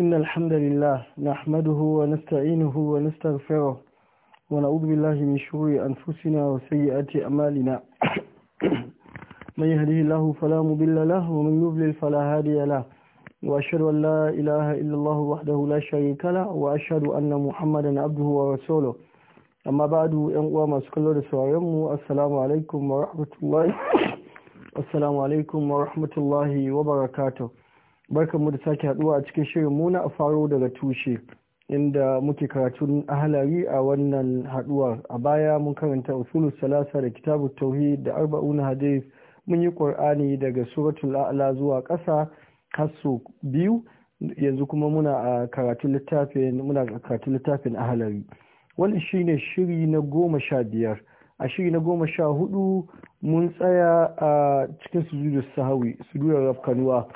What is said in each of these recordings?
إن الحمد لله نحمده ونستعينه ونستغفره ونعوذ بالله من شرور أنفسنا وسيئات أمالنا من يهده الله فلا مضل له ومن يضلل فلا هادي له وأشهد أن لا إله إلا الله وحده لا شريك له وأشهد أن محمدا عبده ورسوله أما بعد أن أقوى ما سكلوا لسوارهم السلام عليكم ورحمة الله assalamu alaikum wa rahmatullahi wa barakatuh barkanmu da sake haduwa a cikin shirin muna na faro daga tushe inda muke karatun ahalari a wannan haduwar a baya mun karanta usulu salasa da kitabu tauhi da arba'una hadith mun yi qur'ani daga suratul a'la zuwa ƙasa kaso biyu yanzu kuma muna a karatun littafin muna karatun littafin ahalari wannan shine shiri na goma sha biyar a shiri na goma sha hudu mun tsaya a cikin sujudus sahawi sujudar rafkanuwa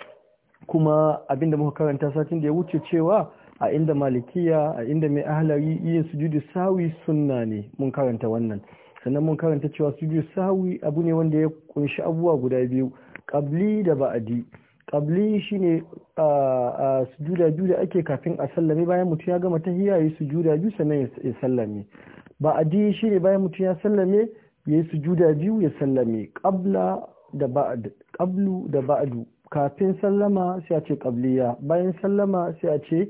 kuma abinda muka karanta satin da ya wuce cewa a inda malikiya a inda mai ahlari yin sujudus sahawi sunna ne mun karanta wannan sannan mun karanta cewa sujudus sahawi abu ne wanda ya kunshi abubuwa guda biyu kabli da ba'adi qabli shine a sujuda biyu da ake kafin a sallame bayan mutum ya gama tahiyya yi sujuda biyu sannan ya sallame ba'adi shine bayan mutum ya sallame ya yi sujuda biyu ya sallame da ƙablu da ba'adu kafin sallama sai a ce ƙabliya bayan sallama sai a ce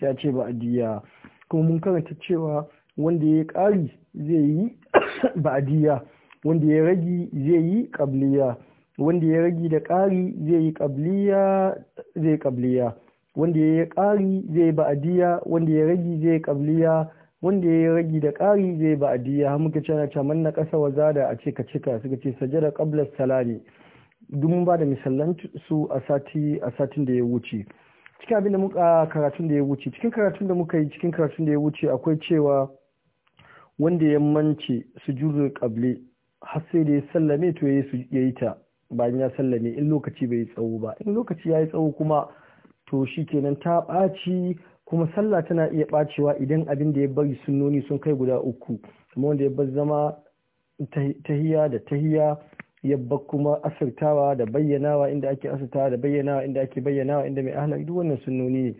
sai a ce ba'adiyya kuma mun karanta cewa wanda ya yi ƙari zai yi ba'adiyya wanda ya ragi zai yi ƙabliya wanda ya ragi da ƙari zai yi ƙabliya zai ƙabliya wanda ya yi ƙari zai yi ba'adiyya wanda ya ragi zai yi ƙabliya wanda ya ragi da ƙari zai ba adiya har muka cana caman na ƙasa wa zada a ce ka cika suka ce sajada qabla salami duk mun ba da misalan su a sati a satin da ya wuce cikin abin da muka karatun da ya wuce cikin karatun da muka yi cikin karatun da ya wuce akwai cewa wanda ya mance sujudu qabli har sai da ya sallame to ya yi ta bayan ya sallame in lokaci bai tsawo ba in lokaci ya yi tsawo kuma to shi kenan ta ɓaci kuma sallah tana iya bacewa idan abin da ya bari sunnoni sun kai guda uku kuma wanda ya bar zama tahiya da tahiya ya bar kuma asirtawa da bayyanawa inda ake asirtawa da bayyanawa inda ake bayyanawa inda mai ahlak duk wannan sunnoni ne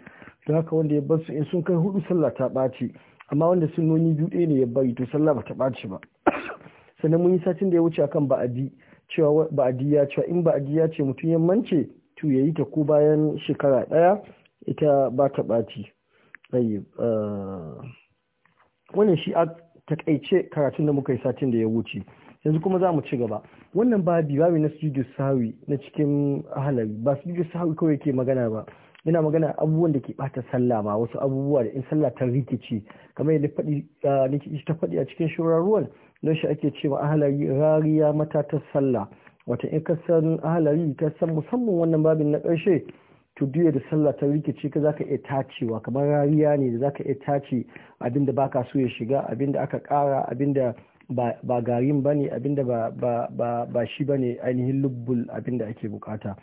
don haka wanda ya bar su in sun kai hudu sallah ta ɓaci amma wanda sunnoni biyu ɗaya ne ya bari to sallah ba ta ɓaci ba sannan mun yi satin da ya wuce akan ba'adi cewa ba'adi ya cewa in ba'adi ya ce mutum ya mance to ya yi ta ko bayan shekara ɗaya ita ba ta ɓaci Eh, wannan shi a takaice karatun da muka yi satin da ya wuce yanzu kuma za mu ci gaba wannan babi babi na studio sawi na cikin ahalari ba studio sawi kawai ke magana ba yana magana abubuwan da ke bata sallah ma wasu abubuwa da in sallah ta rikici kamar yadda fadi eh, ta faɗi a cikin shurarruwan don shi ake cewa ahalari rariya ta sallah wata in ka san ahalari ka san musamman wannan babin na karshe. to duya da sallah ta rikice ka zaka iya tacewa kamar rariya ne da zaka iya tace abin da baka so ya shiga abin da aka kara abin da ba garin bane abin da ba shi bane ainihin lubbul abin da ake bukata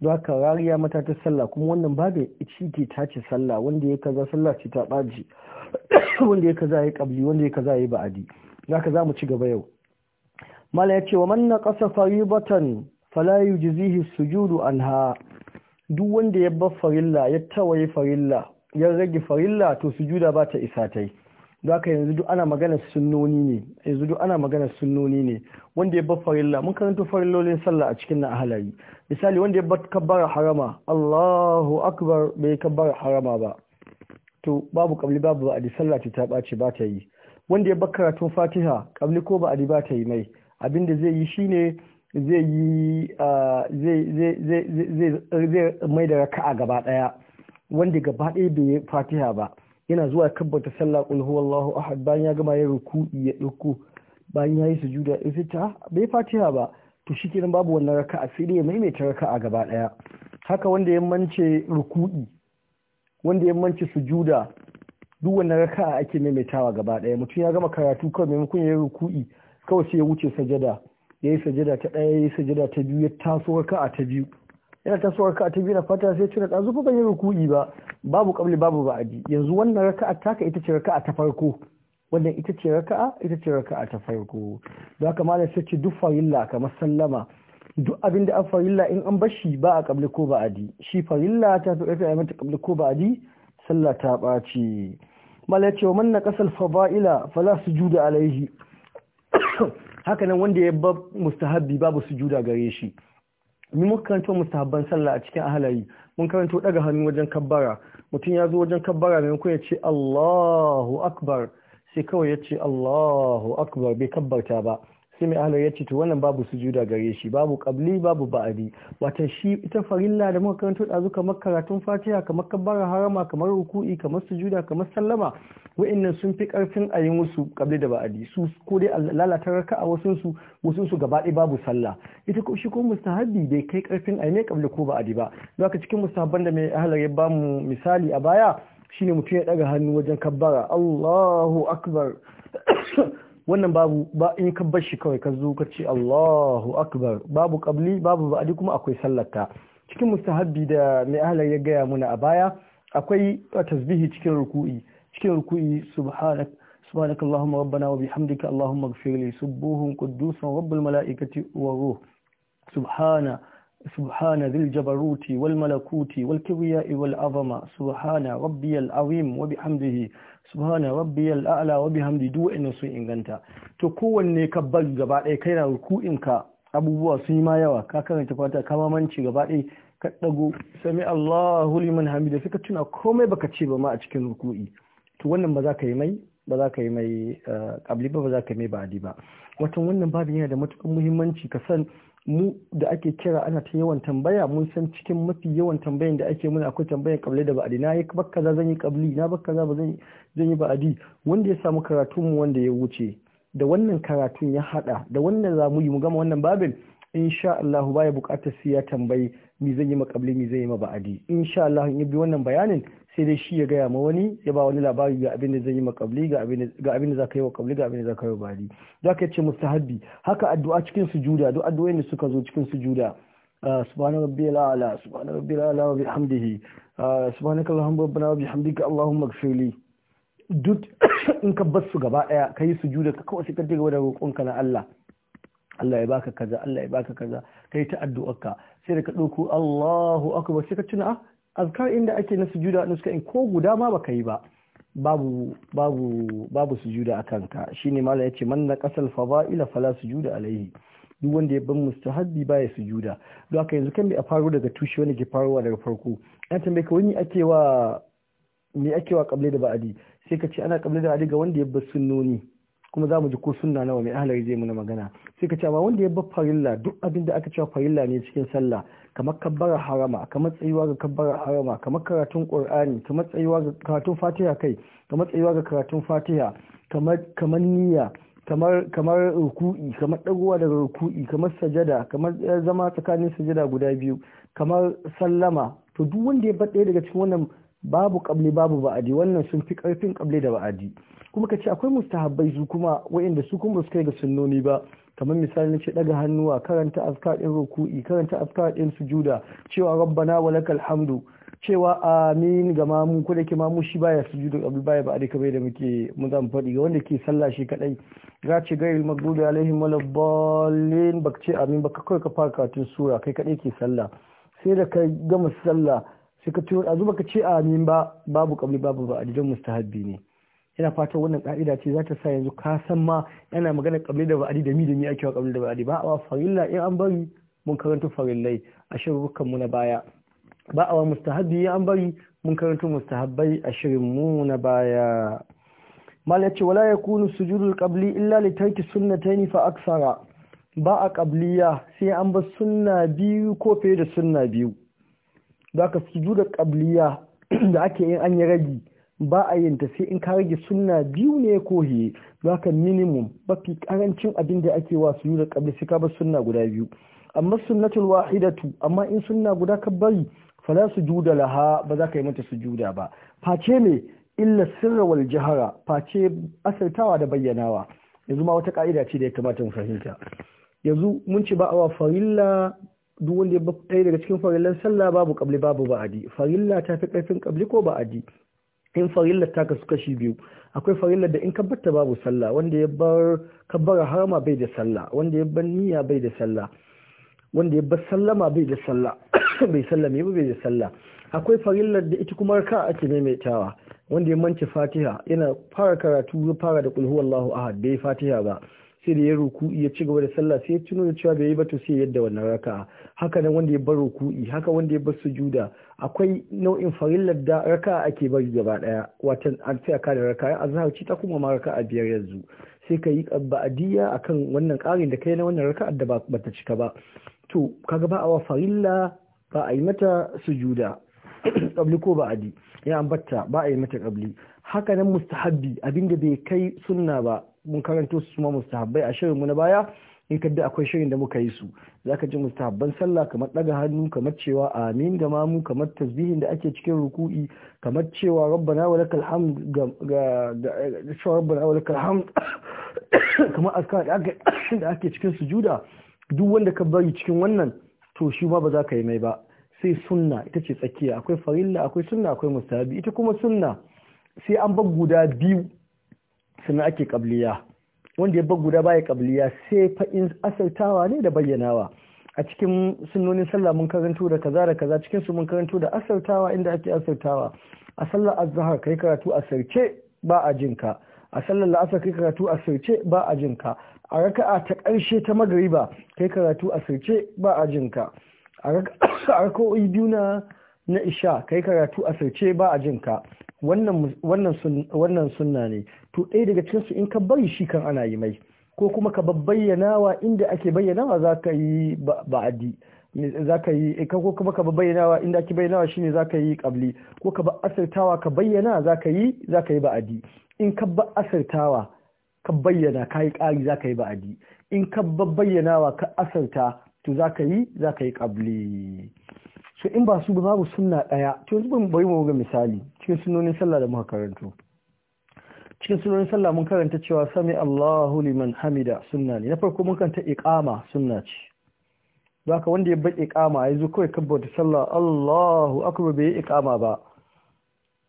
don haka rariya ta sallah kuma wannan ba da shi ke tace sallah wanda ya kaza sallah ce ta ɓaci wanda ya kaza ya kabli wanda ya kaza ya ba'adi zaka za mu ci gaba yau mala ya ce wa man naqasa ƙasa faribatan fala yujzihi sujudu anha duk wanda ya bar farilla ya tawaye farilla ya rage farilla to sujuda ba ta isa ta yi haka yanzu duk ana magana sunnoni ne yanzu duk ana magana sunnoni ne wanda ya bar farilla mun karanta farillolin sallah a cikin ahalari misali wanda ya bar kabbara harama Allahu akbar bai kabbara harama ba to babu kabli babu ba'adi sallah ta ɓace ba ta yi wanda ya bar karatun fatiha kabli ko ba'adi ba ta yi mai abinda zai yi shine zai yi zai mai da raka'a gaba daya wanda gaba daya bai yi fatiha ba yana zuwa kabbata sallah qul huwallahu ahad bayan ya gama yin ruku'i ya dauko bayan ya yi sujuda ya fita bai fatiha ba to shikenan babu wannan raka'a sai dai ya maimaita raka'a gaba daya haka wanda ya mance ruku'i wanda ya mance sujuda duk wannan raka'a ake maimaitawa gaba daya mutum ya gama karatu kawai maimakon ya yi ruku'i kawai sai ya wuce sajada ya yi sajada ta ɗaya ya yi sajada ta biyu ya taso a ta biyu yana taso a ta biyu na fata sai cire ɗazu ba ban yi ruku'i ba babu ƙabli babu ba'adi yanzu wannan raka'a taka ita ce raka'a ta farko wannan ita ce raka'a ita ce raka'a ta farko don haka malam sai ce duk farilla kamar sallama duk abinda an farilla in an bashi ba a ƙabli ko ba'adi shi farilla ta fi ƙarfi a mata ƙabli ko ba'adi sallah ta ɓaci malam ya ce wa manna ƙasar faba'ila fala su juda alaihi haka nan wanda ya ba mustahabbi babu sujuda gare shi mu muka karanto mustahabban sallah a cikin ahlayi mun karanto daga hannu wajen kabbara mutum ya zo wajen kabbara ko ya ce Allahu akbar sai kawai ya ce Allahu akbar bai kabbarta ba sai mai ahalar ya ce to wannan babu sujuda gare shi babu kabli babu ba'adi wata shi ita farilla da muka karanto da zuka makaratun fatiha kamar kabbara harama kamar ruku'i kamar sujuda kamar sallama wa'annan sun fi karfin a yi musu kabli da ba'adi su ko dai lalata a wasun su wasun su gaba babu sallah ita ko shi ko mustahabi bai kai karfin a yi mai kabli ko ba'adi ba zaka cikin mustahabban da mai ahalar ya bamu misali a baya shine mutum ya ɗaga hannu wajen kabbara Allahu akbar wannan babu ba in ka bar shi kawai ka zo ka ce Allahu akbar babu qabli babu ba'di kuma akwai sallarta cikin mustahabbi da mai ahlar ya gaya muna a baya akwai tasbihi cikin ruku'i cikin ruku'i subhanak allahumma اللهم ربنا وبحمدك اللهم اغفر لي quddusan rabbul malaikati wa ruh subhana سبحان ذي الجبروت والملكوت والكبرياء والعظمة سبحان ربي العظيم وبحمده subhana rabbiyal a'la wa bihamdi duk inna sun inganta to kowanne ka bar gaba ɗaya kai na ruku'in ka abubuwa sun yi ma yawa ka karanta fata ka mamanci gaba ɗaya ka dago sami Allahu liman hamida sai ka tuna komai baka ce ba ma a cikin ruku'i to wannan ba za ka yi mai ba za ka yi mai eh, kabli ba ba za ka yi mai ba'adi ba watan wannan babin yana da matukar muhimmanci ka san mu da ake kira ana ta yawan tambaya mun san cikin mafi yawan tambayan da ake muna akwai tambayan kabli da ba'adi na yi kaza zan yi kabli na za ba zan yi ba'adi wanda ya samu karatun mu wanda ya wuce da wannan karatun ya hada da wannan mu yi mu gama wannan babin insha Allah baya bukatar sai ya tambayi mi zan yi mi zan yi ma ba'adi insha Allah in bi wannan bayanin sai dai shi ya gaya ma wani ya ba wani labari ga abin da zai yi ma kabli ga abin da za ka yi wa ga abin da za ka yi wa bari za ka ce mustahabbi haka addu'a cikin sujuda duk addu'o'in da suka zo cikin sujuda ah, subhana rabbiyal a'la subhana rabbiyal a'la wa bihamdihi ah, subhanaka allahumma rabbana wa bihamdika allahumma ighfirli duk in ka bar su gaba daya kai sujuda ka kawai sai ka dinga da roƙonka na Allah Allah ya baka kaza Allah ya baka kaza kai ta addu'arka sai da ka dauko Allahu akbar sai ka tuna ah, azkar inda ake na sujuda na suka in ko guda ma baka yi ba babu babu babu sujuda shi ne shine mala yace man na qasal fadaila fala sujuda alaihi duk wanda ya ban mustahabbi ya sujuda don haka yanzu kan bi a faro daga tushe wani ke farowa daga farko an tambaye ka wani ake wa me ake wa da ba'adi sai ka ce ana kable da ba'adi ga wanda ya bar sunnoni kuma za mu ji ko sunna nawa mai ahalari zai muna magana sai ka cewa wanda ya bar farilla duk abin da aka cewa farilla ne cikin sallah kamar kabbara harama kamar tsayuwa ga kabbara harama kamar karatun qur'ani kamar tsayuwa ga karatun fatiha kai kamar tsayuwa ga karatun fatiha kamar kamar niyya kamar kamar ruku'i kamar dagowa daga ruku'i kamar sajada kamar eh, zama tsakanin sajada guda biyu kamar sallama to duk wanda ya bar daya daga cikin wannan babu kable babu ba'adi wannan sun fi karfin kable da ba'adi kuma kace akwai mustahabbai su kuma wayanda su kuma su kai ga sunnoni ba kamar misali na ce daga hannuwa karanta azkar din ruku'i karanta azkar din sujuda cewa rabbana walakal hamdu cewa amin ga mamu ko da ke mamu shi baya sujudu abu baya ba da kamar da muke mun faɗi ga wanda ke sallah shi kadai ga ce gairil maghdubi alaihim waladdallin baka ce amin baka kai ka fara karatun sura kai kadai ke sallah sai da ka gama sallah suka ka a zuba ka ce min ba babu kabli babu ba adidan mustahabbi ne Yana fatan wannan ka'ida ce za ta sa yanzu ka san ma yana magana kabli da ba'adi da mi da mi ake wa kabli da ba'adi ba a wa farilla in an bari mun karanta farillai a shirrukan mu na baya ba a wa mustahabbi in an bari mun karanta mustahabbai a shirin mu na baya mal ce, wala ya yakunu sujudul kabli illa li tarki sunnataini fa aksara ba a kabliya sai an bar sunna biyu ko fiye da sunna biyu da aka sujuda da ake yin anya ragi ba a yin ta sai in ka rage sunna biyu ne ko he zaka minimum mafi karancin abin da ake wa sujuda qabli sai ka bar sunna guda biyu amma sunnatul wahidatu amma in sunna guda ka bari fala sujuda laha ba za ka yi mata sujuda ba face ne illa sirra wal jahara face asaltawa da bayyanawa yanzu ma wata ka'ida ce da ya kamata mu fahimta yanzu mun ci ba a wa farilla duk wanda ya ɗaya daga cikin farillar sallah babu ƙabli babu ba'adi farilla ta fi ƙarfin ƙabli ko ba'adi in farillar ta kasu kashi biyu akwai farillar da in kabbata babu sallah wanda ya bar kabbara harama bai da sallah wanda ya bar niyya bai da sallah wanda ya bar sallama bai da sallah bai sallame ba bai da sallah akwai farillar da ita kuma raka ake maimaitawa wanda ya mance fatiha yana fara karatu ya fara da kulhu wallahu ahad bai fatiha ba sai da ya ruku'i ya ci gaba da sallah sai ya tuno da cewa bai yi ba to sai yadda wannan raka'a haka nan wanda ya bar ruku'i haka wanda ya bar sujuda akwai nau'in farillar da raka'a ake bari gaba daya watan an tsaya ka da raka'a azhar ci ta kuma ma raka'a biyar yanzu sai ka yi ba'adiyya akan wannan karin da kai na wannan raka'a da ba ta cika ba to kaga ba a wa farilla ba a yi mata sujuda kabli ko ba'adi ya ambata ba a yi mata kabli haka nan mustahabbi abinda bai kai sunna ba mun karanto su ma mustahabbai a shirin mu na baya in kadda akwai shirin da muka yi su zaka ji mustahabban sallah kamar daga hannu kamar cewa amin ga mamu kamar tasbihin da ake cikin ruku'i kamar cewa rabbana walakal hamd ga cewa rabbana walakal hamd kamar askar da ake cikin sujuda duk wanda ka bari cikin wannan to shi ma ba za ka yi mai ba sai sunna ita ce tsakiya akwai farilla akwai sunna akwai mustahabi ita kuma sunna sai an bar guda biyu Suna ake kabliya wanda ya guda baya kabliya sai fa'in asaltawa ne da bayyanawa a cikin sunonin sallah mun karanto da kaza da kaza cikin su mun karanto da asaltawa inda ake asaltawa a sallar azhar kai karatu a sarce ba a jinka a sallar la'asar kai karatu a sirce ba a jinka a raka'a ta ƙarshe ta magariba kai karatu a sirce ba a jinka a raka'o'i biyu na na isha kai karatu a sirce ba a jinka wannan sunna ne to ɗaya daga cikinsu in ka bari shi kan ana yi mai ko kuma ka bayyanawa inda ake bayyanawa za ka yi ba'adi za ka yi eh, ko kuma ka bayyanawa inda ake bayyanawa shine za ka yi ƙabli ko ka ba asirtawa ka bayyana za ka yi za ka yi ba'adi in ka ba asirtawa ka bayyana ka yi ƙari za ka yi ba'adi in ka ba bayyanawa ka asirta to za ka yi za ka yi ƙabli so in ba su babu sunna ɗaya to yanzu bari mu ga misali cikin sunonin sallah da muka karanto cikin sunanin sallah mun karanta cewa sami Allahu liman hamida sunna ne na farko mun kanta iqama sunna ce baka wanda ya baki iqama zo kawai kabbar da sallah Allahu akbar bai iqama ba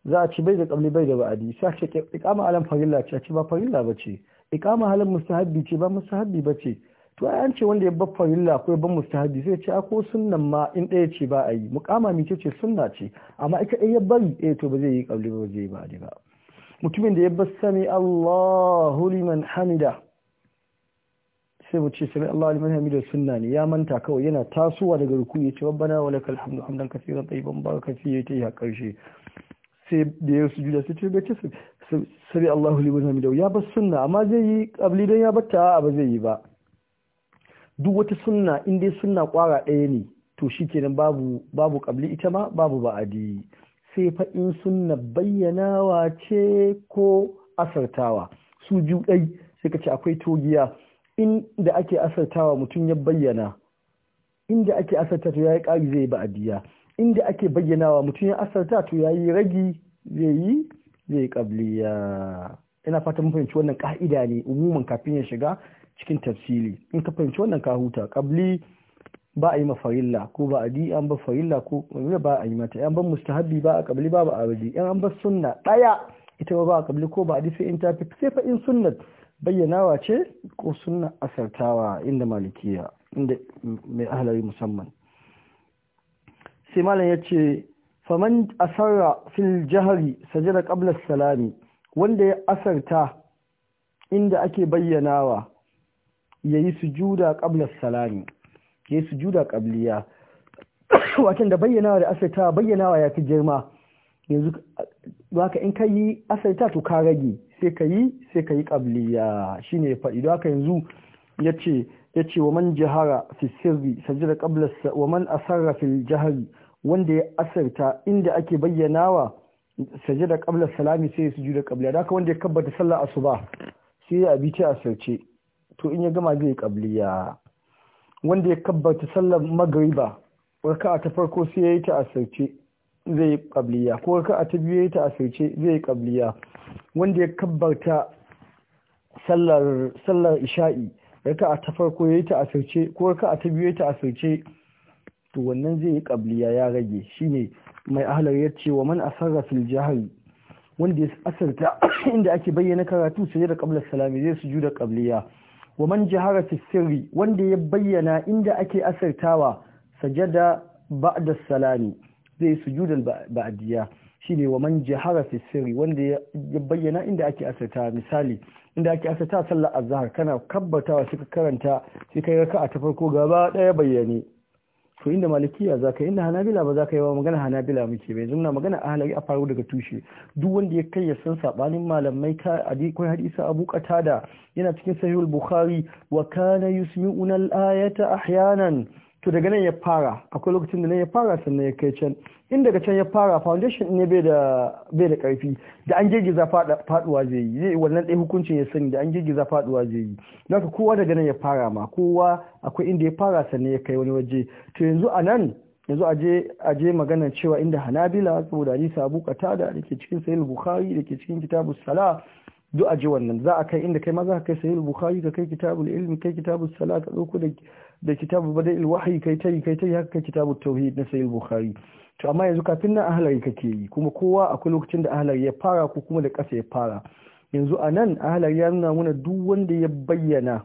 za a ci bai da kabli bai da ba'adi sai ce iqama alam farilla ce ce ba farilla bace iqama halin mustahabbi ce ba mustahabbi bace to ai an ce wanda ya bar farilla ko ya bar mustahabbi sai ce ko sunnan ma in ɗaya ce ba a yi muqama mi ce sunna ce amma ita ya bari eh to ba zai yi kabli ba zai yi ba'adi ba mutumin da ya bar sami Allahu liman hamida sai mu ce sami Allahu liman hamida sunna ne ya manta kawai yana tasowa daga ruku ya ce rabbana wa lakal hamdu hamdan kaseeran tayyiban barakan fihi ta ya karshe sai da ya sujuda sai ce bace sami Allahu liman hamida ya bas sunna amma zai yi kabli dan ya batta a ba zai yi ba duk wata sunna in dai sunna kwara ɗaya ne to shikenan babu babu kabli ita ma babu ba'adi sai fa in sunna bayyanawa ce ko asartawa su ji ɗai sai ka ce akwai togiya inda ake asartawa mutum ya bayyana inda ake asarta to yayi ƙari zai ba adiya inda ake bayyanawa mutum ya asarta to yayi ragi zai yi zai qabliya ina fata mun fahimci wannan ƙa'ida ne umuman kafin ya shiga cikin tafsiri. in ka fahimci wannan ka huta qabli ba a yi mafarilla ko ba a an ba farilla ko ba a yi mata yan ban mustahabbi ba a kabli ba ba a waje yan an ba sunna daya ita ba ba a kabli ko ba a sai in tafi sai fa in sunna bayyanawa ce ko sunna asartawa inda malikiya inda mai ahlari musamman sai malam ya ce faman asarra fil jahari sajada qabla salami wanda ya asarta inda ake bayyanawa yayi sujuda qabla salami ke sujuda kabliya wakin da bayyanawa da asirta bayyanawa ya fi girma yanzu haka in ka yi asirta to ka rage sai ka yi sai ka yi qabliya Shi ya faɗi da haka yanzu ya ce wa man jihara fi sirri sajira kabla wa man asarra fi jihari wanda ya asirta inda ake bayyanawa sajira kabla salami sai sujuda kabliya da haka wanda ya kabbata sallah asuba sai ya ta asirce to in ya gama zai kabliya wanda ya kabbata sallar magriba raka'a ta farko sai ya yi ta asirce zai yi kabliya ko raka'a ta biyu ya yi ta asirce zai yi kabliya wanda ya kabbata sallar sallar isha'i raka'a ta farko ya yi ta asirce ko raka'a ta biyu ya yi ta asirce to wannan zai yi kabliya ya rage shine mai ahlar ya ce wa man asarra fil jahri wanda ya asarta inda ake bayyana karatu sai da qabla salami zai sujuda qabliya wa man jahara sirri wanda ya bayyana inda ake asirtawa sajada ba'da salami zai sujudal ba'diya shine wa man jahara sirri wanda ya bayyana inda ake asirtawa misali inda ake asirtawa sallar azhar kana kabbatawa suka karanta sai kai raka'a ta farko gaba daya bayyane to inda malikiya za ka inda hanabila ba za ka yi wa magana hanabila muke bai zumna magana a halari a faru daga tushe duk wanda ya kai ya san sabanin malamai ka adikwai hadisa abu katada yana cikin sahihul bukhari wa kana yusmi'una al-ayata ahyanan to daga nan ya fara akwai lokacin da nan ya fara sannan ya kai can in daga can ya fara foundation ne bai da da karfi da an girgiza faduwa zai yi zai wannan ɗaya hukuncin ya sani da an girgiza faduwa zai yi Na ka kowa daga nan ya fara ma kowa akwai inda ya fara sannan ya kai wani waje to yanzu a nan yanzu a je maganar cewa inda hanabila saboda Nisa, abu qatada da ke cikin sayil bukhari da ke cikin kitabu sala duk je wannan za a kai inda kai ma za ka kai sayil bukhari ka kai kitabu ilmi kai kitabu sala ka ɗauko da da kitabu bada'il ilwahi kai yi kai yi haka kitabu tauhid na Sayyid bukhari to amma yanzu kafin nan ahlari kake yi kuma kowa akwai lokacin da ahlari ya fara ko kuma da ƙasa ya fara yanzu a nan ahlari ya nuna mana duk wanda ya bayyana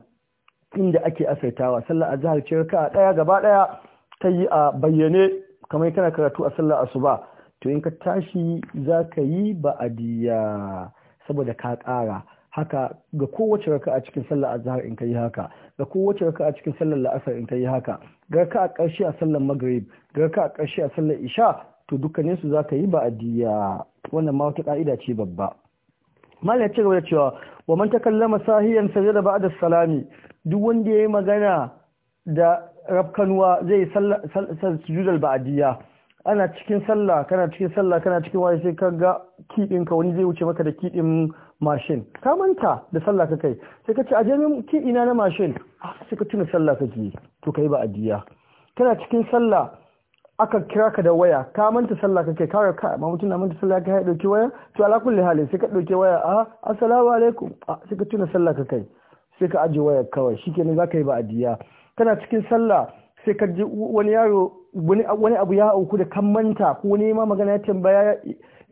inda ake asaitawa sallar azhar ce a daya gaba daya ta yi a bayyane kamar kana karatu a sallar asuba to in ka tashi zaka ka yi ba'adiyya saboda ka ƙara haka ga kowace raka a cikin sallar azhar in kai haka ga kowace raka a cikin sallar la'asar in kai haka ga raka'a a ƙarshe a sallar maghrib ga raka'a a ƙarshe a sallar isha to dukkanin su zaka yi ba addiya wannan ma wata ka'ida ce babba mallam ya ci gaba da cewa wa man takallama sahiyan sajada ba'da salami duk wanda yayi magana da rafkanuwa zai sallar sujudal ba'diya ana cikin sallah kana cikin sallah kana cikin wani sai ka ga kidin ka wani zai wuce maka da kidin mashin ka manta da sallah ka kai sai ka ce a jami'in ki ina na mashin ah, sai ka tuna sallah kake to kai ba diya kana cikin sallah aka kira ka da waya ka manta sallah kai, ka ka ma mutum na manta sallah kai dauki waya to ala kulli hali sai ka dauke waya a ah, assalamu alaikum ah, sai ka tuna sallah ka kai sai ka aje waya kawai shikenan ka yi ba diya kana cikin sallah sai ka ji wani yaro wani abu ya auku da kan manta ko wani ma magana ya tambaya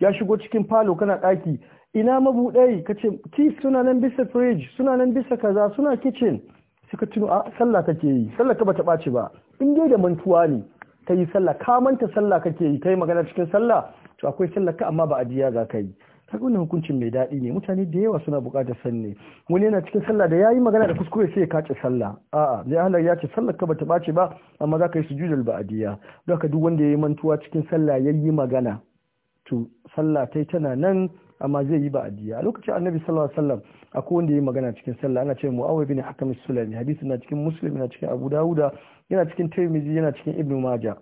ya shigo cikin falo kana daki ina mabuɗai ka ce ki suna nan bisa fridge suna nan bisa kaza suna kitchen suka tuno a ah, sallah kake yi sallah ka bata ɓaci ba in dai da mantuwa ne ka yi sallah ka manta sallah kake yi ka yi magana cikin sallah to akwai sallah ka amma ba a jiya za ka yi kaga wannan hukuncin mai daɗi ne mutane da yawa suna buƙatar sanne wani yana cikin sallah da ya yi magana da kuskure sai ya kace sallah a'a zai halar ya ce sallar ka bata ɓaci ba amma za ka yi sujudul ba'adiyya don haka duk wanda ya yi mantuwa cikin sallah ya yi magana to sallah tai tana nan amma zai yi ba'adiyya a lokacin annabi sallallahu alaihi wasallam akwai wanda yayi magana cikin sallah ana cewa mu'awai bin hakim sulami hadisi na cikin muslim na cikin abu dauda yana cikin tirmidhi yana cikin ibnu majah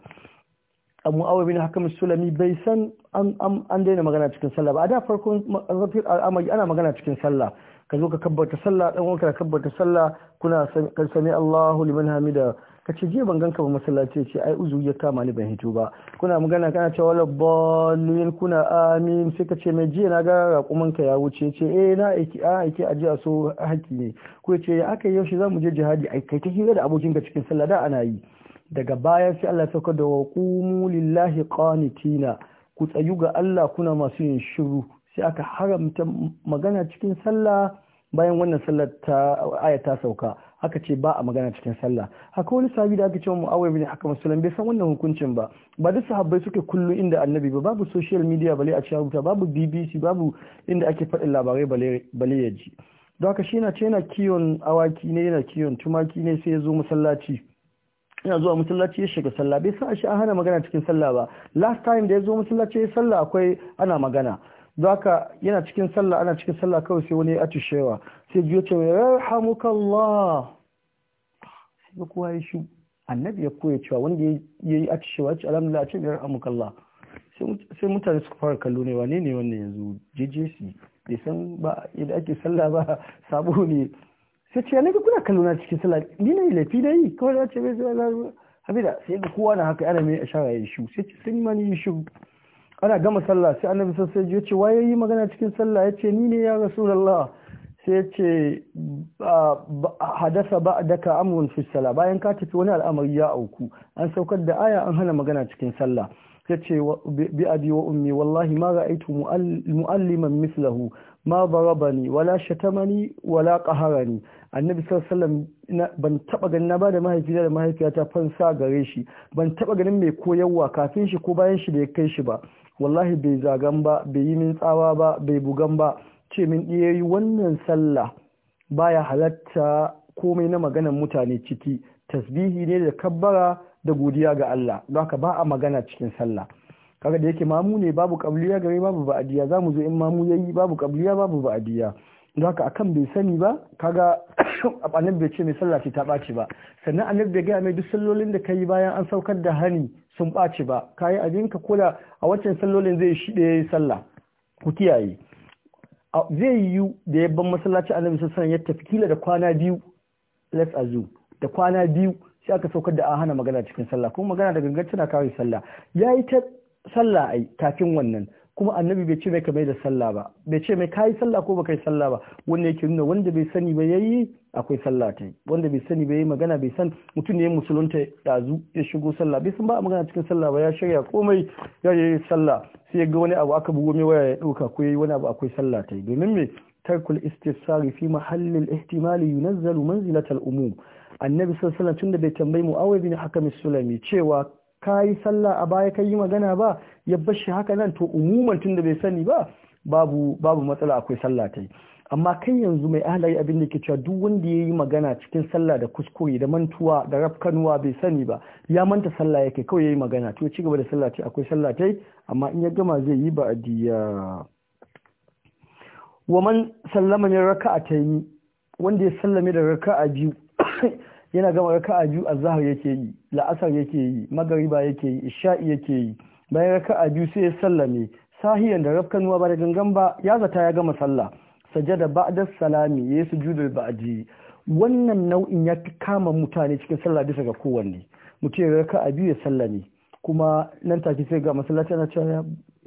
mu'awai bin hakim sulami bai san an daina magana cikin sallah ba a da farkon al'amari ana magana cikin sallah ka zo ka kabbata sallah dan wanka ka kabbata sallah kuna sami Allahu liman hamida ka ce jiya ban ganka ba masallaci ce ai uzu ya kama ni ban hito ba kuna magana kana cewa labbalin kuna amin sai ka ce mai jiya na ga ka ya wuce ce eh na aiki a aiki a jiya so haƙi ne ko ce ya aka yaushe za mu je jihadi ai kai ta hira da abokinka cikin sallah da ana yi daga baya sai Allah ya sauka da wa qumu lillahi qanitina ku tsayu ga Allah kuna masu yin shiru sai aka haramta magana cikin sallah bayan wannan sallar ta aya ta sauka aka ce ba a magana cikin sallah haka wani sabi da aka ce mu awai bin haka musulun bai san wannan hukuncin ba ba duk sahabbai suke kullu inda annabi ba babu social media bale a cikin babu BBC babu inda ake faɗin labarai bale ya ji don haka shi na ce yana kiwon awaki ne yana kiwon tumaki ne sai ya zo masallaci ina zuwa masallaci ya shiga sallah bai sa shi an hana magana cikin sallah ba last time da ya zo masallaci ya sallah akwai ana magana zaka yana cikin sallah ana cikin sallah kawai sai wani ya atushewa sai biyo ce mai yarhamukallah sai kuwa ya shi annabi ya koya cewa wanda ya yi atushewa ya ce alhamdulillah a ce mai yarhamukallah sai mutane suka fara kallo ne wane ne wannan yanzu jjc bai san ba yadda ake sallah ba sabo ne sai ce annabi kuna kallo na cikin sallah ni na yi laifi na yi kawai ya ce bai zai lalata habida sai ga kowa na haka yana mai ashara ya yi shu sai ce sun yi mani yi shu ana gama sallah sai annabi sassaji ya ce waye yi magana cikin sallah ya ce ni ne ya rasulallah sai ya ce hadasa ba daka amurin fi bayan ka tafi wani al'amari ya auku an saukar da aya an hana magana cikin sallah ya ce bi abi wa ummi wallahi ma ra'aitu mu'alliman mislahu ma barabani wala shatamani wala qaharani annabi sallallahu alaihi wasallam ban taba ganin na bada da mahaifiyata fansa gare shi ban taba ganin mai koyarwa kafin shi ko bayan shi da ya kai shi ba wallahi bai zagan ba bai yi min tsawa ba bai bugan ba ce min yi wannan sallah baya halatta komai na maganan mutane ciki tasbihi ne da kabbara da godiya ga Allah don haka ba a magana cikin sallah kaga da yake mamu ne babu kabliya gare babu za zamu zo in mamu yayi babu kabliya babu ba'adiya da haka akan bai sani ba kaga annabi bai ce mai sallah ce ta ɓaci ba sannan annabi bai gaya mai duk sallolin da ka yi bayan an saukar da hani sun ɓaci ba ka yi ka kula a wancan sallolin zai shi ɗaya sallah ku kiyaye zai yiwu da ya ban masallaci annabi sun sanar ya tafi kila da kwana biyu let's assume da kwana biyu sai aka saukar da an hana magana cikin sallah kuma magana da gangan tana kawai sallah ya yi ta sallah ai kafin wannan kuma annabi bai ce mai ka da sallah ba bai ce mai kai sallah ko baka yi sallah ba wanda yake nuna wanda bai sani ba yayi akwai sallah ta wanda bai sani ba yayi magana bai san mutum ne musulunta dazu ya shigo sallah bai san ba magana cikin sallah ba ya shirya komai ya yi sallah sai ga wani abu aka bugo mai waya ya dauka ko yayi wani abu akwai sallah ta domin me tarkul istisari fi mahallil ihtimali yunzalu manzilatal umum annabi sallallahu alaihi wasallam tunda bai tambayi awai bin hakim sulami cewa ka yi sallah a baya ka yi magana ba ya bar shi haka nan to umuman tun da bai sani ba babu babu matsala akwai sallah ta yi amma kai yanzu mai ahalari abin da ke cewa duk wanda ya yi magana cikin sallah da kuskure da mantuwa da rafkanuwa bai sani ba ya manta sallah yake kawai ya yi magana to ci gaba da sallah ta akwai sallah ta yi amma in ya gama zai yi ba a wa man sallama min raka'atayn wanda ya sallame da raka'a biyu yana gama raka raka'a biyu azhar yake yi la'asar yake yi magariba yake yi isha'i yake yi bayan a biyu sai ya sallame sahiyan da rafkanuwa ba da gangan ba ya zata ya gama sallah sajada ba'da salami yayi sujudul ji wannan nau'in ya kama mutane cikin sallah bisa ga kowanne mutum ya a biyu ya sallame kuma nan take sai ga masallaci ana cewa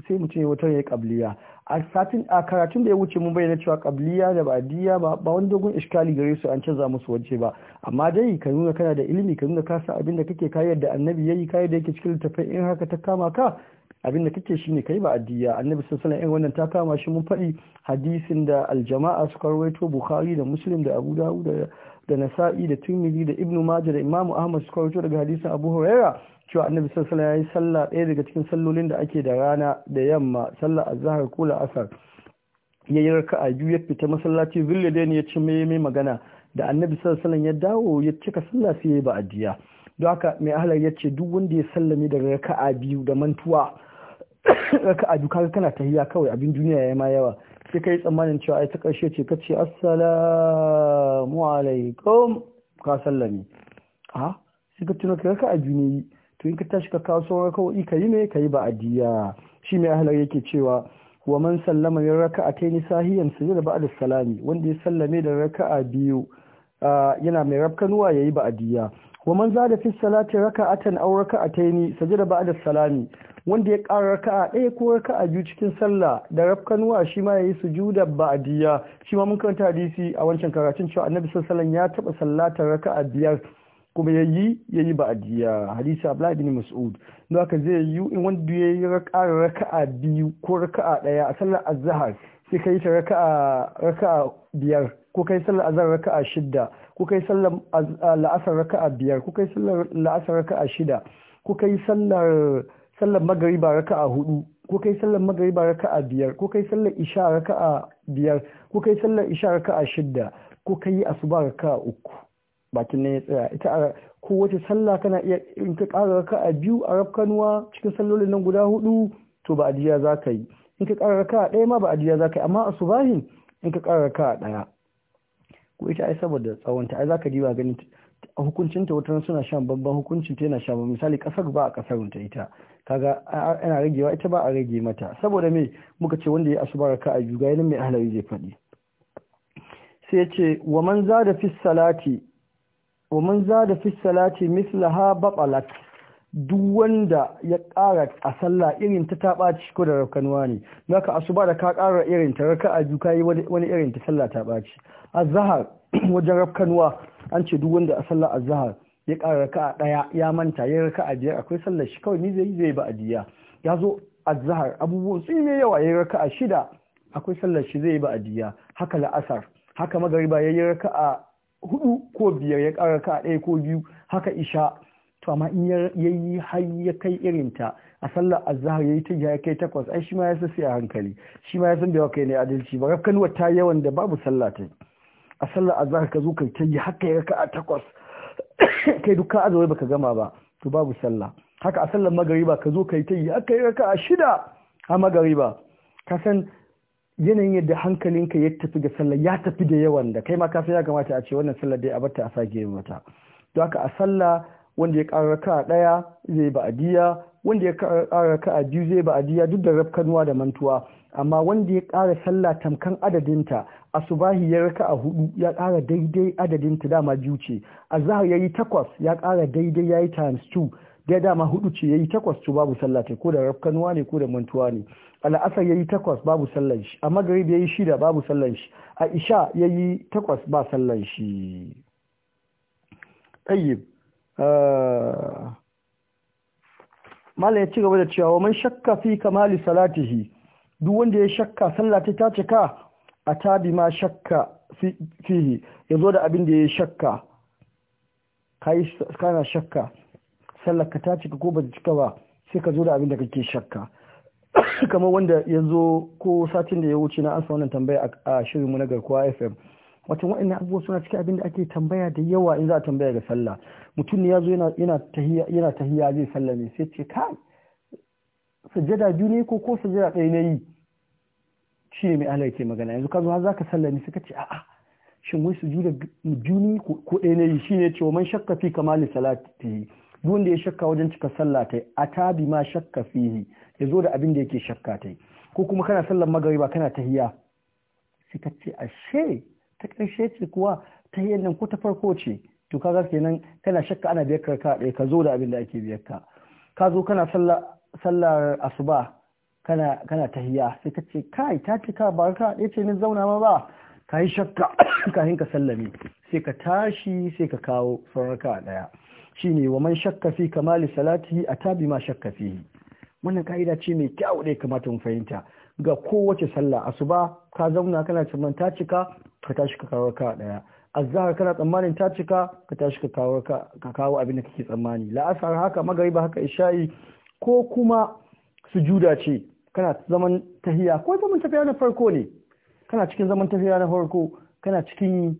sai mutum ya wata ya yi kabliya a satin a karatun da ya wuce mun bayyana cewa kabliya da badiya ba ba wani dogon iskali gare su an canza musu waje ba amma dai ka nuna kana da ilimi ka nuna kasa abin da kake kayar da annabi yayi kayar da yake cikin littafin in haka ta kama ka abin da kake shine kai ba addiya annabi sallallahu alaihi wasallam wannan ta kama shi mun faɗi hadisin da aljama'a suka rawaito bukhari da muslim da abu dawud da nasa'i da tirmidhi da ibnu majah da imamu ahmad suka rawaito daga hadisin abu huraira cewa annabi sallallahu alaihi wasallam sallah ɗaya daga cikin sallolin da ake da rana da yamma sallah azhar ko Asar. ya yi raka'a biyu ya fita masallaci ne ya ci mai magana da annabi sallallahu ya dawo ya cika sallah sai ya ba'diya don haka mai ahlar ya ce duk wanda ya sallame daga raka'a biyu da mantuwa raka'a biyu kaga kana tahiya kawai abin duniya ya ma yawa sai yi tsammanin cewa ai ta karshe ce kace assalamu alaikum ka sallame a sai ka tuno ka raka'a biyu ne to in ka tashi ka kawo sauran kawai ka yi ne ka yi ba'adiyya shi mai ahalar yake cewa wa man sallama min raka'atayn sahiyan sujud da salami wanda ya sallame da raka'a biyu yana mai rafkanuwa yayi ba'adiyya wa man zada fi salati raka'atan aw raka'atayn sujud ba'da salami wanda ya ƙara raka'a ɗaya ko raka'a biyu cikin sallah da rafkanuwa shi ma yayi sujuda ba'adiyya shi ma mun karanta hadisi a wancan karatun cewa annabi sallallahu alaihi wasallam ya taɓa sallatar raka'a biyar kuma ya yi ya yi ba'adiyya hadisi abdullahi bin mas'ud don haka zai yi in wanda ya yi ƙara raka'a biyu ko raka'a ɗaya a sallar azhar sai ka yi ta raka'a biyar ko kai sallar azhar raka'a shidda ko kai sallar la'asar raka'a biyar ko kai sallar la'asar raka'a shida ko kai sallar sallar magariba raka'a hudu ko kai sallar magariba raka'a biyar ko kai sallar isha raka'a biyar ko kai sallar isha raka'a shidda ko kai asuba raka'a uku bakin nan ya tsaya ita kowace sallah kana iya in ka ƙara a biyu a rafkanuwa cikin sallolin nan guda hudu to ba ajiya za ka yi in ka ƙara a ɗaya ma ba ajiya za ka yi amma a subahin in ka ƙara a ɗaya ko ita ai saboda tsawonta ai za ka diba ganin a hukuncinta wata suna shan babban hukuncin ta yana shan babban misali ƙasar ba a ƙasar ta ita kaga ana ragewa ita ba a rage mata saboda me muka ce wanda ya asuba raka a biyu ga mai ahalari zai faɗi sai ce wa man zada fi salati wa man zada fi salati mithlaha baqalat duk wanda ya kara a sallah irin ta ta ɓaci ko da rakanwa ne naka asuba da ka ƙara irin ta a biyu yi wani irin ta sallah ta ɓaci azhar wajen rakanwa an ce duk wanda a sallah azhar ya ƙara a ɗaya ya manta ya a biyar akwai sallar shi kawai ni zai zai ba adiya ya zo azhar abubuwan sun yi yawa ya a shida akwai sallar shi zai ba a diya haka la'asar haka magariba ya yi raka'a hudu ko biyar ya ƙara ka ɗaya ko biyu haka isha to amma in ya yi har ya kai irinta a sallar azahar ya yi ta ya kai takwas ai shi ma ya sai a hankali shi ma ya san bai kai ne adalci ba rakanuwa ta yawan da babu sallah ta a sallar azahar ka zo kai ta yi haka ya ka a takwas kai duk ka azawai baka gama ba to babu sallah haka a sallar magariba ka zo kai ta yi haka ya ka a shida a magariba ka san yanayin yadda hankalinka ya tafi ga sallah ya tafi da yawan da kai ma ka ya kamata a ce wannan sallah dai a ta a sake mata to haka a sallah wanda ya ƙara raka ɗaya zai ba adiya wanda ya ƙara raka biyu zai ba adiya duk da rafkanuwa da mantuwa amma wanda ya ƙara sallah tamkan adadinta asubahi ya raka a hudu ya ƙara daidai adadinta dama biyu ce zahar ya yi takwas ya ƙara daidai ya yi times two da dama hudu ce ya yi takwas to babu sallah ta ko da rafkanuwa ne ko da mantuwa ne al'asar ya yi takwas babu sallan shi a magrib ya yi shida babu sallan shi a isha ya yi takwas ba sallan shi ɗayyib eh, mala ya ci gaba da cewa man shakka fi kamali salatihi duk wanda ya shakka sallata ta cika a tabi ma shakka fihi ya zo da abin da ya shakka kana shakka sallaka ta cika ko ba ta cika ba sai ka zo da abin da kake shakka kamar wanda ya zo ko satin da ya wuce na ansa wannan tambaya a shirinmu na garkuwa fm wata wa'annan abubuwa suna cikin abin da ake tambaya da yawa in za a tambaya ga sallah mutum ne ya zo yana tahiya zai sallah ne sai ce kai sajjada biyu ne ko ko sajjada ɗaya na yi shi ne mai ala ke magana yanzu ka zo har ka sallah ne suka ce a'a shin wai sujuda biyu ne ko ɗaya na yi shi ne ce wa man shakka fi kamali salatihi duk da ya shakka wajen cika sallah tai atabi ma shakka fihi yazo da abin da yake shakka tai ko kuma kana sallar ba kana tahiya sai ka ce ashe ta karshe ce kuwa tahiyyar nan ko ta farko ce to ka ga kenan kana shakka ana biyar ka ɗaya ka zo da abin da ake biyar ka ka zo kana sallar asuba kana kana tahiya sai ka ce kai ta ce ka ba ka ɗaya ce ni zauna ma ba ka yi shakka kafin ka sallame sai ka tashi sai ka kawo farka daya ɗaya shine wa man shakka fi kamali salatihi atabi ma shakka fihi wannan ka'ida ce mai kyau da ya kamata mu fahimta ga kowace sallah asuba ka zauna kana tsammanin ta cika ka tashi ka kawo ka daya azhar kana tsammanin ta cika ka tashi ka kawo ka kawo abin da kake tsammani la'asar haka magariba haka isha'i ko kuma sujuda ce kana zaman tahiya ko zaman tafiya na farko ne kana cikin zaman tafiya na farko kana cikin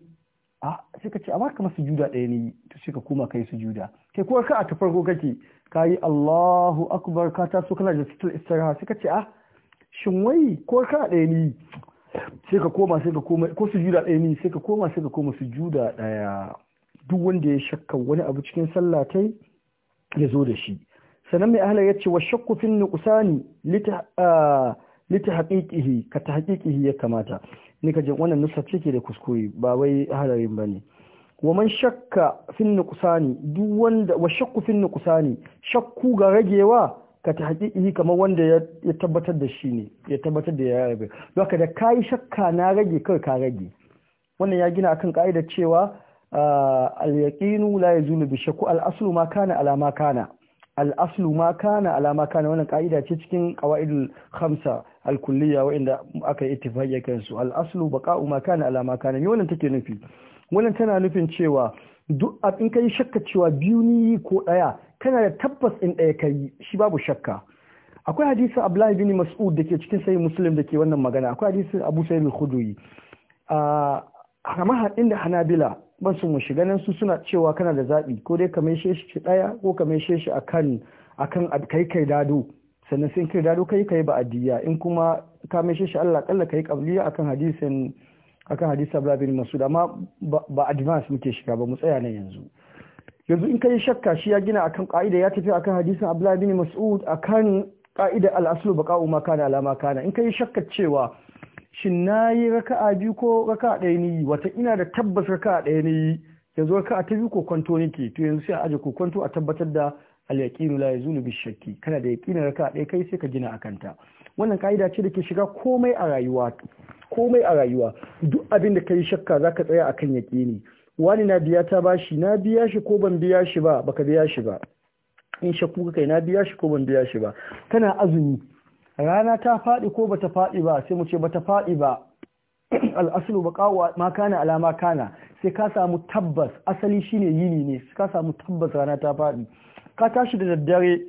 a sai ka ce amma masu juda ɗaya ne to sai ka koma kai juda kai kuwa ka a ta farko kake ka yi Allahu akbar ka ta so kana da situl istiraha sai ka ce a ah, shin wai ko ka ɗaya ne sai ka koma sai ka koma ko juda ɗaya ne sai ka koma sai ka koma juda ɗaya duk wanda ya shakka wani abu cikin sallah ta ya zo da shi sannan mai ahla ce wa shakku fin nuqsani lita ah, lita haqiqihi ka ta haqiqihi ya kamata nika jin wannan nusa cike da kuskure ba wai halarin bane wa man shakka fin nuqsani duk wanda wa shakku fin nuqsani shakku ga ragewa ka ta haƙiƙi kamar wanda ya tabbatar da shi ne ya tabbatar da ya rabe haka da kayi shakka na rage kar ka rage wannan ya gina akan ka'idar cewa ah, al-yaqinu la yazulu bi shakku al-aslu ma kana ala ma kana al'aslu ma kana alama kana wannan ka'ida ce cikin qawaidul khamsa al-kulliyya wa'inda aka yi ittifaqi kansu al'aslu baqa'u ma kana alama kana me wannan take nufi wannan tana nufin cewa duk in kai shakka cewa biyu ni ko daya kana da tabbas in daya kai shi babu shakka akwai hadisi Abdullahi bin Mas'ud dake cikin sahih Muslim dake wannan magana akwai hadisin Abu Sa'id al-Khudri ah, a kama inda Hanabila ba su mu shiga nan su suna cewa kana da zaɓi ko dai ka maishe shi ɗaya ko ka maishe shi akan akan kai kai dado sannan sai kai dado kai kai ba'adiyya in kuma ka maishe shi Allah kalla kai qabliya akan hadisin akan hadisi Abdullah bin Mas'ud amma ba advance muke shiga ba mu tsaya nan yanzu yanzu in kai shakka shi ya gina akan ka'ida ya tafi akan hadisin Abdullah bin Mas'ud akan ka'ida al-aslu baqa'u ma kana ala kana in kai shakka cewa shin na yi raka'a biyu ko raka'a ɗaya ni yi wata ina da tabbas raka'a ɗaya ni yi yanzu raka'a ta biyu ko kwanto nake to yanzu sai a aje ko kwanto a tabbatar da al-yaqinu la yazulu bi shakki kana da yaqinin raka'a ɗaya kai sai ka gina akan ta wannan ka'ida ce da ke shiga komai a rayuwa komai a rayuwa duk abin da yi shakka zaka tsaya akan yaqini wani na biya ta bashi na biya shi ko ban biya shi ba baka biya shi ba in shakku kai na biya shi ko ban biya shi ba kana azumi rana ta faɗi ko bata faɗi ba sai mu ce bata faɗi ba ba kawo ma kana alama kana sai ka samu tabbas asali shine yini ne ka samu tabbas rana ta faɗi ka tashi da daddare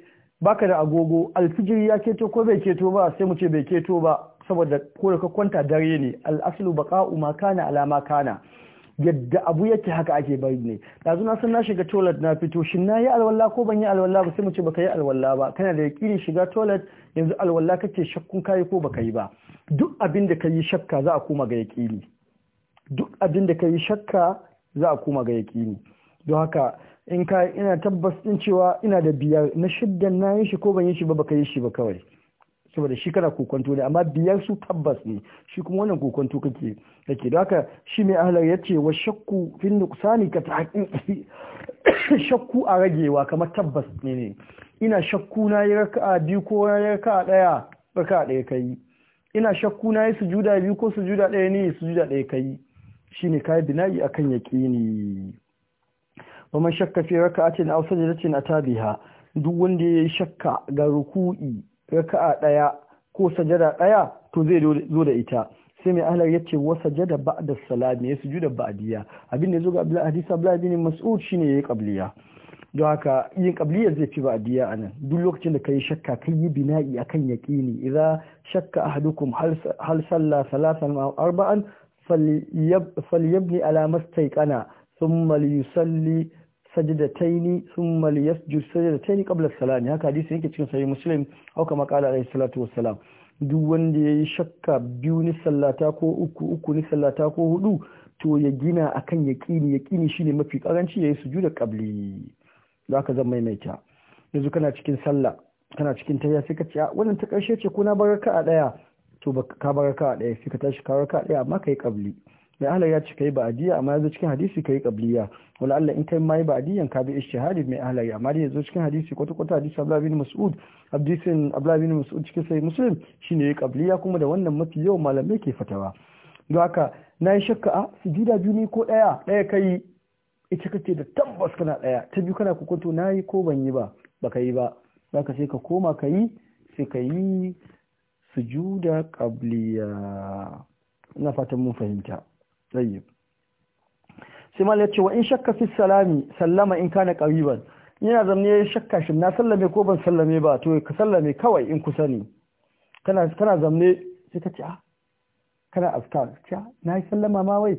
baka da agogo alfijiri ya keto ko bai keto ba sai mu ce bai keto ba saboda ko da ka kwanta dare ne al'aslu kawo ma kana alama kana yadda abu yake haka ake bari ne da na san na shiga toilet na fito shin na yi alwala ko ban yi alwala ba sai mu ce baka yi alwala ba kana da ne shiga toilet yanzu alwala kake shakkun kayi ko baka yi ba duk abin da yi shakka za a koma ga ne. duk abin da yi shakka za a koma ga ne. don haka in ka ina tabbas din cewa ina da biyar na shiddan na yi shi ko ban yi shi ba baka yi shi ba kawai saboda shi kana kokonto ne amma biyar su tabbas ne shi kuma wannan kokonto kake kake don haka shi mai ahlar ya ce wa shakku fin nuksani ka ta shakku a ragewa kamar tabbas ne ne ina shakku na yi raka'a biyu ko na yi raka'a daya raka'a daya kai ina shakku na yi sujuda biyu ko sujuda daya ne sujuda daya kai shine kai bina'i akan yaqini wa man shakka fi raka'atin aw sajdatin atabiha duk wanda ya yi shakka ga ruku'i raka'a ɗaya ko sajada ɗaya to zai zo da ita sai mai ahlar yace wa sajada da salami ya sujuda ba'diya abin da ya zo ga abdullahi hadisi abdullahi bin mas'ud shine yayi qabliya don haka yin qabliya zai fi ba'diya anan duk lokacin da ka yi shakka kai yi bina'i akan yaqini idza shakka ahadukum hal salla salatan aw arba'an falyabni ala mastayqana thumma liyusalli sajidataini thumma liyasjud sajidataini qabla as haka hadisi yake cikin sahih muslim au kama qala alayhi salatu wassalam duk wanda yayi shakka biyu ni sallata ko uku uku ni sallata ko hudu to ya gina akan yaqini yaqini shine mafi karanci yayi sujuda qabli zaka zan maimaita yanzu kana cikin sallah kana cikin tayya sai ka ce ah, wannan ta karshe ce ko na baraka a daya to ka baraka a daya sai ka tashi ka baraka a daya amma kai qabli mai ala ya ci kai ba'adiyya amma yanzu cikin hadisi kai qabliya wala Allah in kai mai ba'adiyyan ka bi ishtihadi mai ala ya amma yanzu cikin hadisi kwata kwata hadisi Abdullah bin Mas'ud hadisin Abdullah bin Mas'ud cikin sai Muslim shine ya qabliya kuma da wannan mafi yau malamai ke fatawa don haka nayi shakka a sujuda biyu ne ko daya daya kai ita kace da tabbas kana daya ta biyu kana kokonto nayi ko ban yi ba baka yi ba zaka sai ka koma ka yi sai ka yi sujuda qabliya ina fatan mun fahimta tayyib sai mal yace wa in shakka fi salami sallama in kana qariban Ina zamne ya shakka shin na sallame ko ban sallame ba to ka sallame kawai in kusa ne kana kana zamne sai ka ce ah kana afkar ce na yi sallama ma wai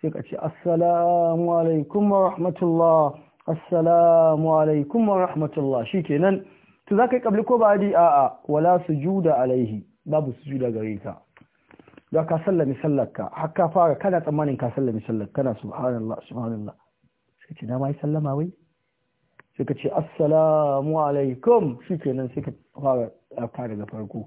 sai ka ce assalamu alaikum wa rahmatullah assalamu alaikum wa rahmatullah Shi shikenan to zaka yi kabli ko ba adi a'a wala sujuda alaihi babu sujuda gare ka da ka sallami sallarka har ka fara kana tsammanin ka sallami sallar kana subhanallah subhanallah sai ce na mai sallama wai sai ka ce assalamu alaikum shikenan sai ka fara ka daga farko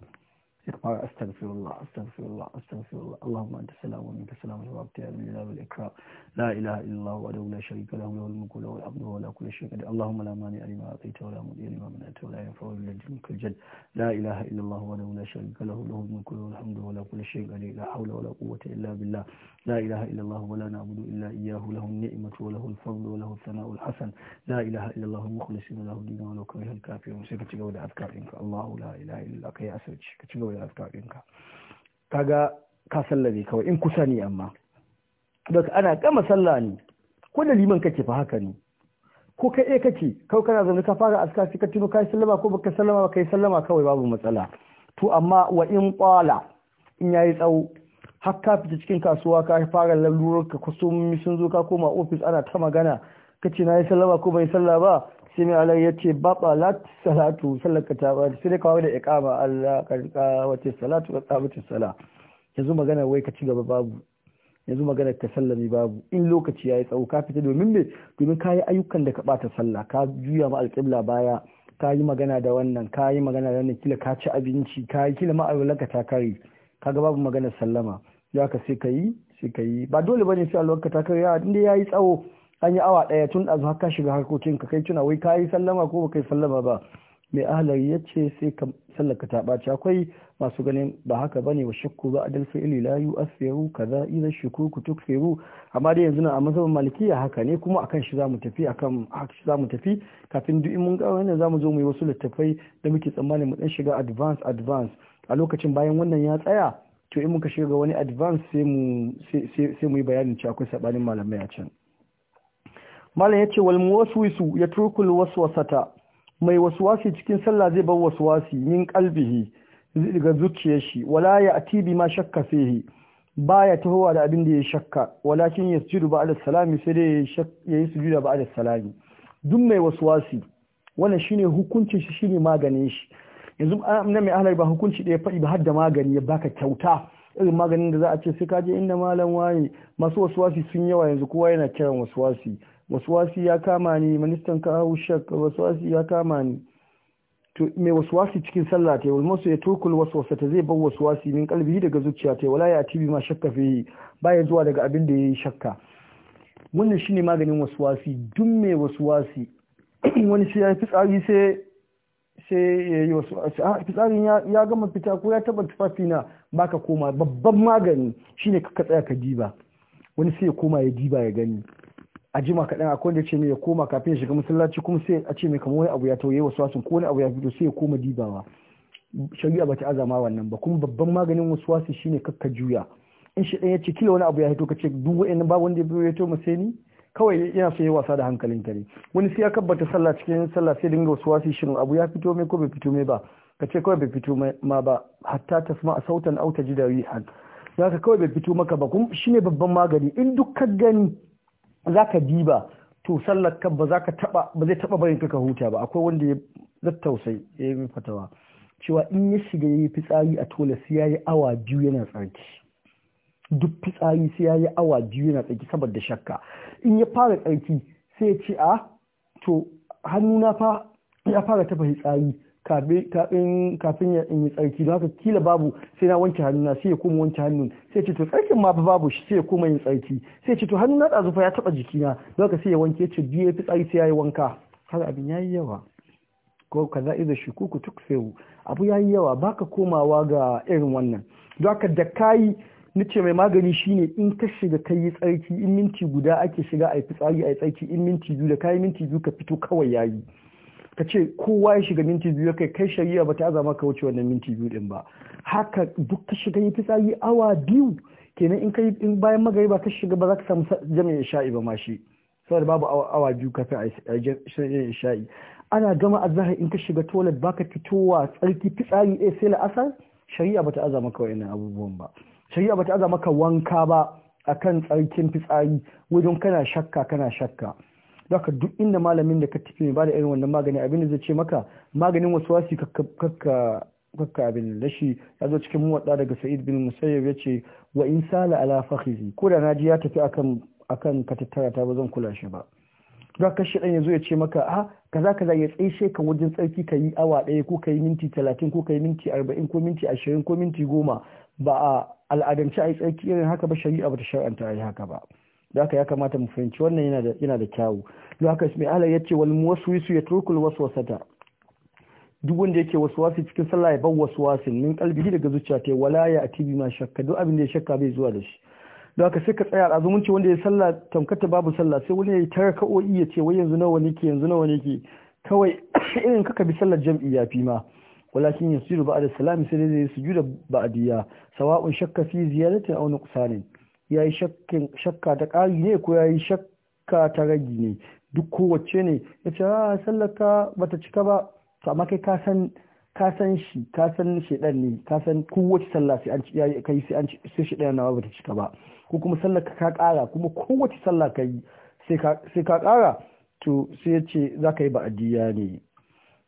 يقول أستغفر الله أستغفر الله أستغفر الله اللهم أنت السلام ومنك السلام تبارك يا ذا الجلال والإكرام لا إله إلا الله وحده لا شريك له له الملك وله الحمد وله كل شيء قدير اللهم لا مانع لما أعطيت ولا مضي لما منعت ولا ينفع إلا جنك الجد لا إله إلا الله وحده لا شريك له له الملك وله الحمد وله كل شيء قدير لا حول ولا قوة إلا بالله لا إله إلا الله ولا نعبد إلا إياه له النعمة وله الفضل وله الثناء الحسن لا إله إلا الله مخلص له الدين ولو كره الكافرون سيكتشغل أذكارك الله لا إله إلا الله كي أسرج كتشغل أذكارك kaga ka sallabe kawai in kusa ne amma daga ana gama sallah ne ko da liman kake ko kai eh kake kawai kana zaune ka fara aska sai ka tuno kai sallama ko baka sallama ba kai sallama kawai babu matsala to amma wa in qala in yayi tsawo har ka fita cikin kasuwa ka fara lalurar ka kwastomomi sun zo ka koma ofis ana ta magana ka ce na yi sallama ko bai salla ba sai mai alayi ya ce ba lati salatu sallaka ta ba sai dai kawai da iqama Allah karka wace salatu wa qabatu sala yanzu magana wai ka ci gaba babu yanzu magana ka sallami babu in lokaci yayi tsawo ka fita domin me domin ka yi ayyukan da ka bata sallah ka juya ma alƙibla baya ka yi magana da wannan ka yi magana da wannan kila ka ci abinci ka yi kila ma'aurata ta kare kaga babu maganar sallama ya ka sai ka yi sai ka yi ba dole bane sai alwarka ta ya inda yayi tsawo an yi awa daya tun azu har ka shiga harkokin ka kai tuna wai kai sallama ko ba kai sallama ba mai ahlari yace sai ka sallaka ta ɓaci akwai masu ganin ba haka bane wa shakku ba adal fi'li la yu'athiru kaza idza shukuku tukfiru amma dai yanzu na a mazhabin malikiya haka ne kuma akan shi zamu tafi akan haka shi zamu tafi kafin duk mun ga wannan zamu zo mu yi wasu littafai da muke tsammani mu dan shiga advance advance a lokacin bayan wannan ya tsaya to in muka shiga wani advance sai mu yi bayanin cewa akwai sabanin malamai a can malam ya ce wal muwaswisu ya turkul waswasata mai waswasi cikin sallah zai bar waswasi min kalbihi daga zuciyar shi wala ya ati ma shakka fihi baya tahowa da abin da ya shakka walakin yasjudu ba'da salami sai dai ya yayi sujuda ba'da salami duk mai waswasi wannan shine hukuncin shi shine maganin shi yanzu amna ah, mai ahalar ba hukunci da ya faɗi ba har da magani ya baka kyauta irin maganin da za a ce sai ka je inda malam waye masu wasuwasi sun yawa yanzu kowa yana kiran wasuwasi wasuwasi ya kama ni ministan ka shak wasuwasi ya kama ni to mai wasuwasi cikin sallah ta masu ya turkul waswasa ta zai bar wasuwasi min kalbi daga zuciya ta wala ya tibi ma shakka fi baya zuwa daga abin da ya yi shakka wannan shine maganin wasuwasi duk mai wasuwasi wani sai ya fi tsari sai sai ya yi wasu a fitsarin ya gama fita ko ya taba tufafi na baka koma babban magani shine ka tsaya ka diba wani sai ya koma ya diba ya gani a jima kaɗan akwai wanda ce mai ya koma kafin ya shiga masallaci kuma sai a ce mai kamar wani abu ya tauye wasu wasu ko wani abu ya fito sai ya koma dibawa shari'a ba ta azama wannan ba kuma babban maganin wasu wasu shine kakka juya in shi ɗan ya ce kila wani abu ya fito ka ce duk wa'in babu wanda ya biyo ya to masai ni kawai yana so ya wasa da hankalin ka ne wani sai ya kabbata sallah cikin sallah sai dinga wasu wasi shin abu ya fito mai ko bai fito mai ba ka ce kawai bai fito ma ba hatta tasma a sautan auta ji da Za ka kawai bai fito maka ba shi ne babban magani in duk ka gani za zaka ba? to sallar ka ba za ka taba ba zai taba barin ka huta ba akwai wanda ya zattausai ya yi fatawa cewa in ya shiga ya yi fitsari a tola sai ya yi awa biyu yana tsarki duk fitsari sai ya yi awa biyu yana tsaki saboda shakka in ya fara tsarki sai ya ce a ah, to hannuna fa ya fara tafa fitsari kafin ya yi tsarki don haka kila babu sai na wanke hannuna sai ya koma wanke hannun sai ce to tsarkin ma babu shi sai ya koma yin tsarki sai ce to hannuna ɗazu fa ya taɓa jikina don haka sai ya wanke ce biyu ya fitsari sai ya yi wanka har abin ya yi yawa ko kaza kuku tuk sai abu ya yi yawa baka komawa ga irin wannan don haka da kayi ce mai magani shine in ka shiga ka yi tsarki in minti guda ake shiga a yi fitsari a yi tsarki in minti biyu da ka yi minti biyu ka fito kawai yayi ka ce kowa ya shiga minti biyu kai kai shari'a ba ta azama ka wuce wannan minti biyu din ba haka duk ka shiga yi fitsari awa biyu kenan in kai in bayan magariba ka shiga ba za ka samu jami'in sha'i ba ma shi saboda babu awa biyu kafin a jami'in sha'i ana gama azahar in ka shiga toilet baka fitowa tsarki fitsari ɗaya eh, sai la'asar shari'a ba ta azama ka wannan abubuwan ba shari'a bata aza maka wanka ba akan tsarkin fitsari wajen kana shakka kana shakka Daka duk inda malamin da ka tafi mai bada irin wannan magani abin da zai ce maka maganin wasu wasi kakka abin da shi ya zo cikin muwadda daga sa'id bin musayyab ya ce wa in sala ala fahizi ko da naji ya tafi akan akan katattara ta ba zan kula shi ba don ka shi ya zo ya ce maka a ah, kaza kaza ya tsaishe ka wajen tsarki ka yi awa ɗaya ko ka yi minti talatin ko ka yi minti arba'in ko minti ashirin ko minti goma ba a al'adance a yi tsaki irin haka ba shari'a ba ta shari'anta a yi haka ba da haka ya kamata mu fahimci wannan yana da da kyawu don haka mai ala ya ce wal muwaswisu ya turkul wasata duk wanda yake wasu wasu cikin sallah ya bar wasu min kalbihi daga zuciya ta wala ya tibi ma shakka duk abin da ya shakka bai zuwa da shi don haka sai ka tsaya a zumunci wanda ya sallah tamkata babu sallah sai wani ya yi tara ka'o'i ya ce wai yanzu nawa nake yanzu nawa nake kawai irin kaka bi sallar jam'i ya fi ma walakin yusiru da salami sai dai sujuda ba'diya sawa'un shakka fi ziyaratin aw nuqsanin yayi shakkin shakka ta ƙari ne ko yayi shakka ta ragi ne duk kowace ne yace a ah, sallaka bata cika ba to amma kai ka san shi ka ne ka san kowace sai an yayi kai sai an sai shedan bata cika ba ko kuma sallaka ka ƙara kuma kowace sallah kai sai ka sai ka ƙara to sai zaka yi ba'diya ne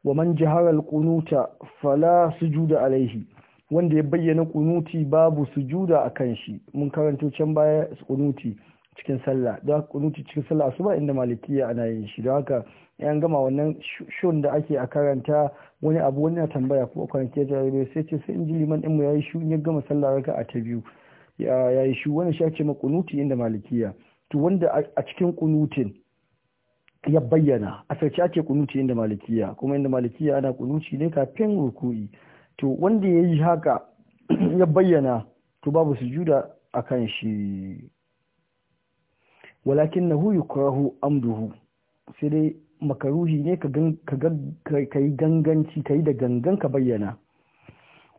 wa man jahara qunuta fala sujuda alaihi wanda ya bayyana kunuti babu sujuda akan shi mun karanto can baya kunuti cikin sallah da qunuti cikin sallah asuba inda malikiya ana yin shi don haka yan gama wannan shon da ake a karanta wani abu wani tambaya ko ke jarirai sai ce sai in ji liman din mu yayi shu ya gama sallah raka a ta biyu ya yayi shu wani shi ake ma kunuti inda malikiya to wanda a cikin kunutin ya bayyana a sarki ake kunuci inda malikiya kuma inda malikiya ana kunuci ne kafin ruku'i to wanda ya yi haka ya bayyana to babu sujuda a kan shi walakin na huyu kurahu amduhu sai dai makaruhi ne ka yi ganganci ka yi da gangan ka bayyana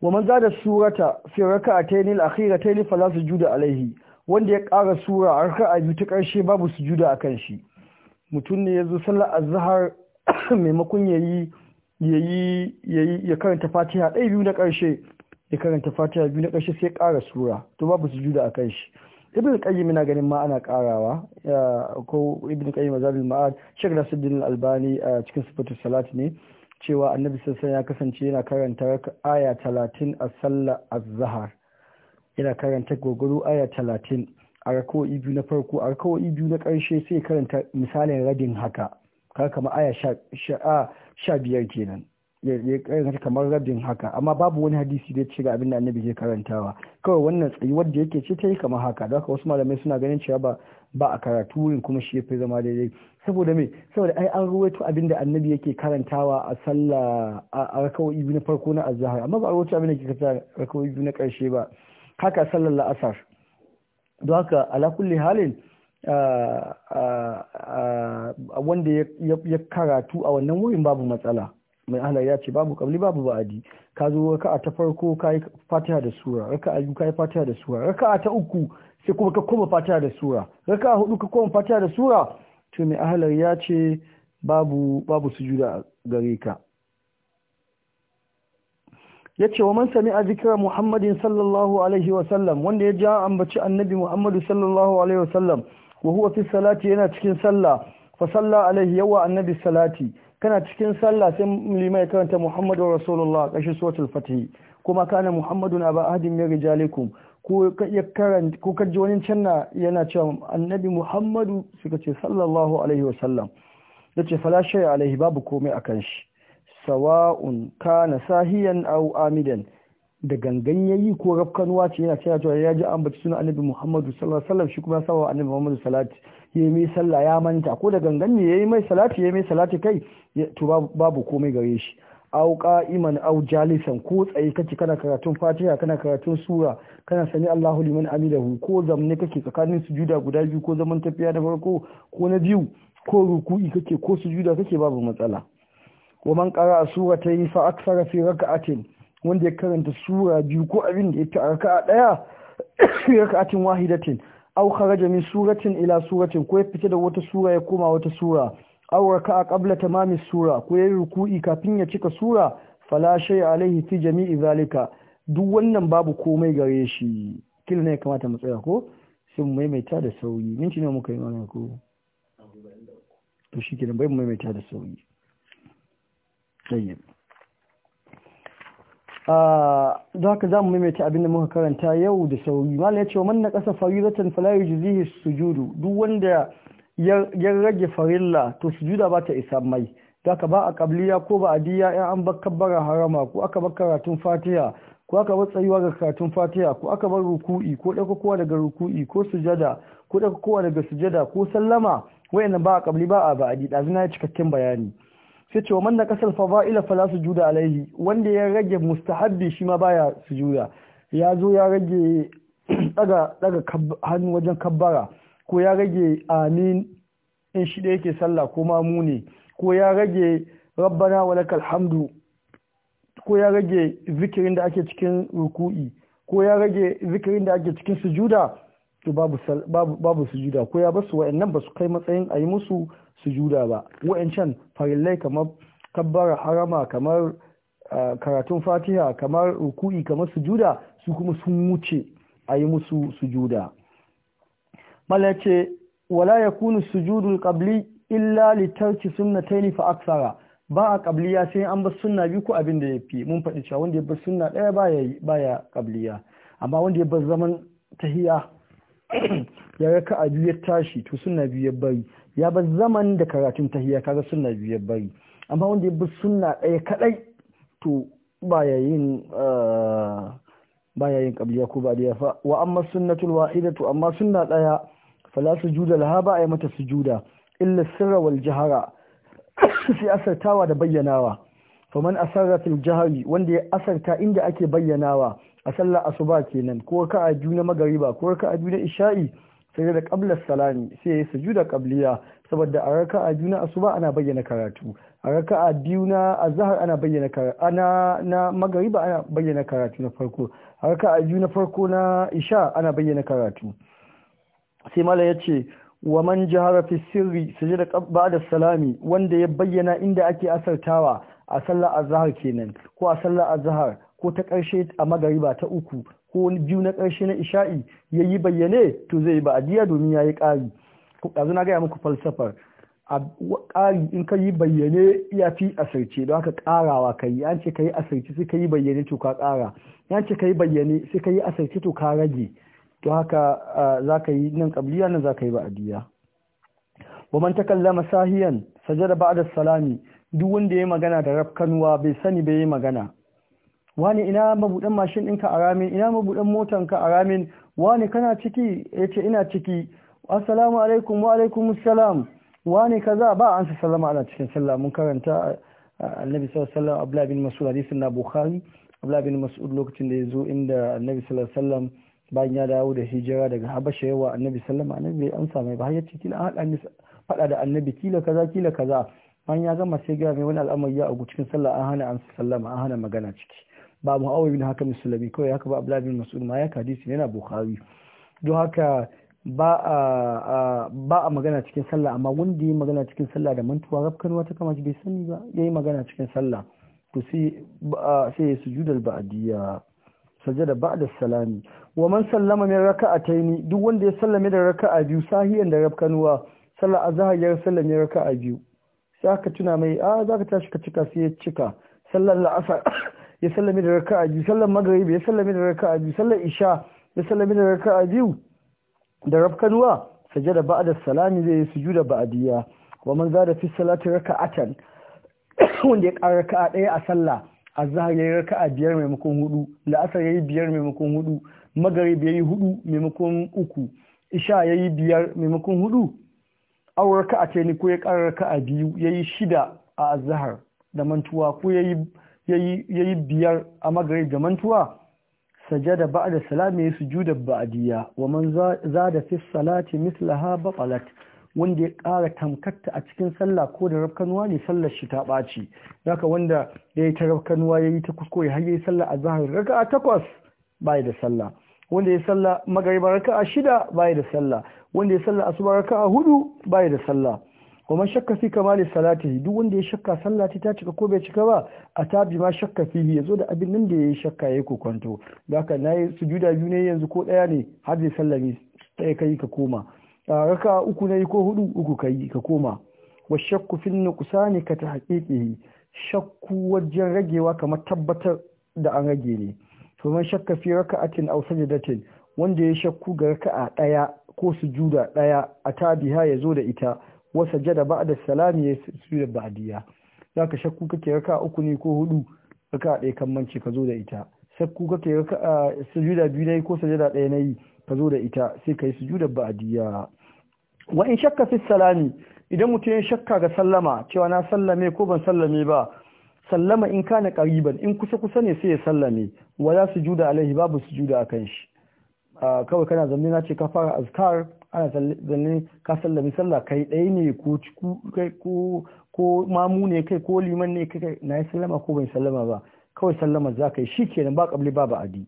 wa maza da surata fi raka'atayn al-akhiratayn fala sujuda alaihi wanda ya ƙara sura a raka'a biyu ta ƙarshe babu sujuda akan shi mutum ne ya zo sallar azhar maimakon ya yi ya karanta fatiha ɗaya biyu na ƙarshe ya karanta fatiha biyu na ƙarshe sai kara sura to babu su sujuda a kan shi ibn qayyim ina ganin ma ana karawa ko ibn qayyim azabul ma'ad shaykh nasiruddin albani a cikin sifatu salat ne cewa annabi sallallahu ya kasance yana karanta aya 30 a sallar azhar yana karanta gogoro aya talatin. a rakawa'i biyu na farko a rakawa'i biyu na ƙarshe sai karanta misalin rabin haka kar kama aya sha biyar kenan ya karanta kamar rabin haka amma babu wani hadisi da ya ce ga abin da annabi ke karantawa kawai wannan tsayuwar da yake ce ta yi kamar haka da haka wasu malamai suna ganin cewa ba ba a karatu wurin kuma shi ya fi zama daidai saboda me saboda ai an ruwaito abin da annabi yake karantawa a sallah a biyu na farko na azhar amma ba a ruwaito abin da yake karanta rakawoyi biyu na karshe ba haka sallar la'asar don haka alakulli halin wanda ya karatu a wannan wurin babu matsala mai ala ya ce babu kabli babu ba'adi ka zo raka a ta farko ka yi fatiha da sura a biyu ka yi fatiha da sura raka a ta uku sai kuma ka koma fatiha da sura raka a hudu ka koma fatiha da sura to mai ahlar ya ce babu babu sujuda gare ka ya ce wa man sami a zikirar muhammadin sallallahu alaihi wasallam wanda ya ja ambaci annabi muhammadu sallallahu alaihi wasallam wa huwa fi salati yana cikin sallah fa salla alaihi yawa annabi salati kana cikin sallah sai limai karanta muhammadu rasulullah kashi suratul fatih kuma kana muhammadun aba ahadin min rijalikum ko ya karanta ko kaji wani canna yana cewa annabi muhammadu suka ce sallallahu alaihi wasallam yace fala shay alaihi babu komai akan shi sawa'un kana sahiyan aw amidan da gangan yayi ko rafkanuwa ce yana cewa cewa ya ji ambaci sunan annabi Muhammadu sallallahu alaihi wasallam shi kuma sawa annabi Muhammadu salati yayi mai sallah ya manta ko da gangan ne yayi mai salati yayi mai salati kai to babu komai gare shi aw qa'iman aw jalisan ko tsaye kake kana karatun Fatiha kana karatun sura kana sani Allahu liman amidahu ko zamne kake tsakanin sujuda guda biyu ko zaman tafiya da farko ko na biyu ko ruku'i kake ko sujuda kake babu matsala wa man qara suratayn fa aksara fi raka'atin wanda ya karanta sura biyu ko abin da yake a raka'a daya fi raka'atin wahidatin aw kharaja min suratin ila suratin ko ya fita da wata sura ya koma wata sura aw raka'a qabla tamami sura ko ya ruku'i kafin ya cika sura fala shay alaihi fi jami'i zalika duk wannan babu komai gare shi kila ne kamata mu tsaya ko sai mu maimaita da sauri minti ne muka yi mana ko to shi kenan bai mu maimaita da sauri tayyib da haka za mu maimaita abinda muka karanta yau da sauri mala ya ce wa manna ƙasa fariratan falayu jizihi sujudu duk wanda ya rage farilla to sujuda ba ta isa mai da ba a ƙabliya ko ba a diya ya an bar kabbara harama ko aka bar karatun fatiha ko aka bar tsayuwa ga karatun fatiha ko aka bar ruku'i ko ɗaukakowa daga ruku'i ko sujada ko ɗaukakowa daga sujada ko sallama wayannan ba a ƙabli ba a ba'adi na ya cikakken bayani sai ce wa man fa za su sujuda alaihi wanda ya rage mustahabbi shi ma baya sujuda ya zo ya rage daga daga hannu wajen kabbara ko ya rage amin in shi da yake sallah ko mamuni muni ko ya rage rabbana lakal hamdu ko ya rage zikirin da ake cikin ruku'i ko ya rage zikirin da ake cikin sujuda to babu babu sujuda ko ya basu wa'annan ba su kai matsayin a yi musu sujuda ba wa'ancan farillai kamar kabbara harama kamar karatun fatiha kamar ruku'i kamar sujuda su kuma sun wuce a yi musu sujuda mala ce wala yakunu sujudul qabli illa li tarki sunnataini fa aksara ba a qabliya sai an bar sunna biyu ko abin da yafi mun faɗi cewa wanda ya bar sunna ɗaya baya baya qabliya amma wanda ya bar zaman tahiya ya raka a biyu ya tashi to suna biyu ya bari ya bar zaman da karatun ta kaga suna biyu ya bari amma wanda ya bi suna ɗaya kaɗai to ba ya yin ah, ƙabiliya ko ba da fa wa amma sunnatul to amma suna ɗaya fala sujuda laha ba a yi mata su juda, illa sirra wal jahara sai asartawa da bayyanawa faman asarra fil jahari wanda ya asarta inda ake bayyanawa a sallar asuba kenan ko ka a juna magariba ko ka a juna isha'i sai da qabla salami sai ya sujuda qabliya saboda a a juna asuba ana bayyana karatu a a biyu na azhar ana bayyana karatu ana na magariba ana bayyana karatu na farko a raka biyu na farko na isha ana bayyana karatu sai mala ya ce, wa man jahara fi sirri sujuda ba'da salami wanda ya bayyana inda ake asartawa a sallar azhar kenan ko a sallar azhar ko ta ƙarshe a magariba ta uku ko biyu na ƙarshe na isha'i ya yi bayyane to zai yi ba'adiyya domin ya yi ƙari ɗazu na gaya muku falsafar a ƙari in ka yi bayyane ya fi asirce don haka ƙarawa ka yi an ce ka yi asirce sai ka yi bayyane to ka ƙara an ce ka yi bayyane sai ka yi asirce to ka rage don haka za ka yi nan ƙabliya nan za ka yi ba'adiyya man ta kallama sahiyan sajada ba'da salami duk wanda ya magana da rafkanuwa bai sani bai yi magana wani ina mabuɗan mashin ɗinka a ramin ina mabuɗan motanka a ramin wani kana ciki ya ce ina ciki assalamu alaikum wa alaikum salam wani kaza ba an sa salama ana cikin sallah mun karanta annabi sallallahu alaihi wasallam abla bin mas'ud hadisin na bukhari abla bin mas'ud lokacin da ya zo inda annabi sallallahu alaihi wasallam bayan ya dawo da hijira daga habasha yawa annabi wasallam annabi bai amsa mai ba har ya ce kila an haɗa faɗa da annabi kila kaza kila kaza bayan ya gama sai ga mai wani al'amari ya agu cikin sallah an hana an sallama an hana magana ciki ba mu hawa bin haka musulmi kawai haka ba abdullahi bin mas'ud ma ya hadisi yana bukhari don haka ba a ba a magana cikin sallah amma wanda ya magana cikin sallah da mantuwa rafkan ta kama bai sani ba ya yi magana cikin sallah to sai sai ya sujudal ba'diyya sajada ba'da salami wa man sallama min raka'ataini duk wanda ya sallame da raka'a biyu sahiyan da rafkanuwa sallah azhar ya sallame raka'a biyu sai aka tuna mai a ah, zaka tashi ka cika sai ya cika sallar la'asar ya sallame da raka'a biyu sallar magrib ya sallame da raka'a biyu sallar isha ya sallame da raka'a biyu da rafkanuwa sajada ba'da salami zai yi sujuda ba'diya wa man zada fi salati raka'atan wanda ya ƙara raka'a ɗaya a sallah azhar yayi raka'a biyar maimakon hudu la'asar yayi biyar maimakon hudu magrib yayi hudu maimakon uku isha yayi biyar maimakon hudu aw raka'a ce ni ko ya ƙara raka'a biyu yayi shida a azhar da mantuwa ko yayi yayi biyar a magarin da mantuwa sajada da salami ya sujuda ba'adiyya. wa man da fi salati mislaha batalat wanda ya ƙara tamkatta a cikin sallah ko da rafkanuwa ne sallar shi ta ɓaci haka wanda ya yi ta rafkanuwa ya yi ta kuskure har ya yi sallah a zahar a takwas bai da sallah wanda ya sallah magariba a shida bai da sallah wanda ya sallah asuba a hudu bai da sallah wa man shakka fi kamali salati duk wanda ya shakka sallati ta cika ko bai cika ba a tabi ma shakka fi ya zo da abin nan da ya yi shakka yayi kokonto haka su sujuda biyu ne yanzu ko ɗaya ne har zai sallami ɗaya kai ka koma raka uku na yi ko hudu uku kai ka koma wa shakku fi ne ka ta tahqiqihi shakku wajen ragewa kamar tabbatar da an rage ne to man shakka fi raka'atin aw datin wanda ya shakku ga raka'a ɗaya ko sujuda ɗaya a ya zo da ita wa ba da salami ya su sujud ba'diya ka shakku kake raka uku ne ko hudu raka ɗaya kan ka zo da ita shakku kake raka sujuda biyu yi ko sajjada ɗaya na yi. ka zo da ita sai ka su sujuda ba'diya wa in shakka fi salami idan mutum ya shakka ga sallama cewa na sallame ko ban sallame ba sallama in kana kariban in kusa kusa ne sai ya sallame wala sujuda alaihi babu sujuda akan shi kawai kana zamne na ce ka fara azkar ana zanne ka sallami sallah kai ɗaya ne ko ko mamu ne kai ko liman ne kai na yi sallama ko bai sallama ba kawai sallama za ka yi shi kenan ba ƙabli ba ba'adi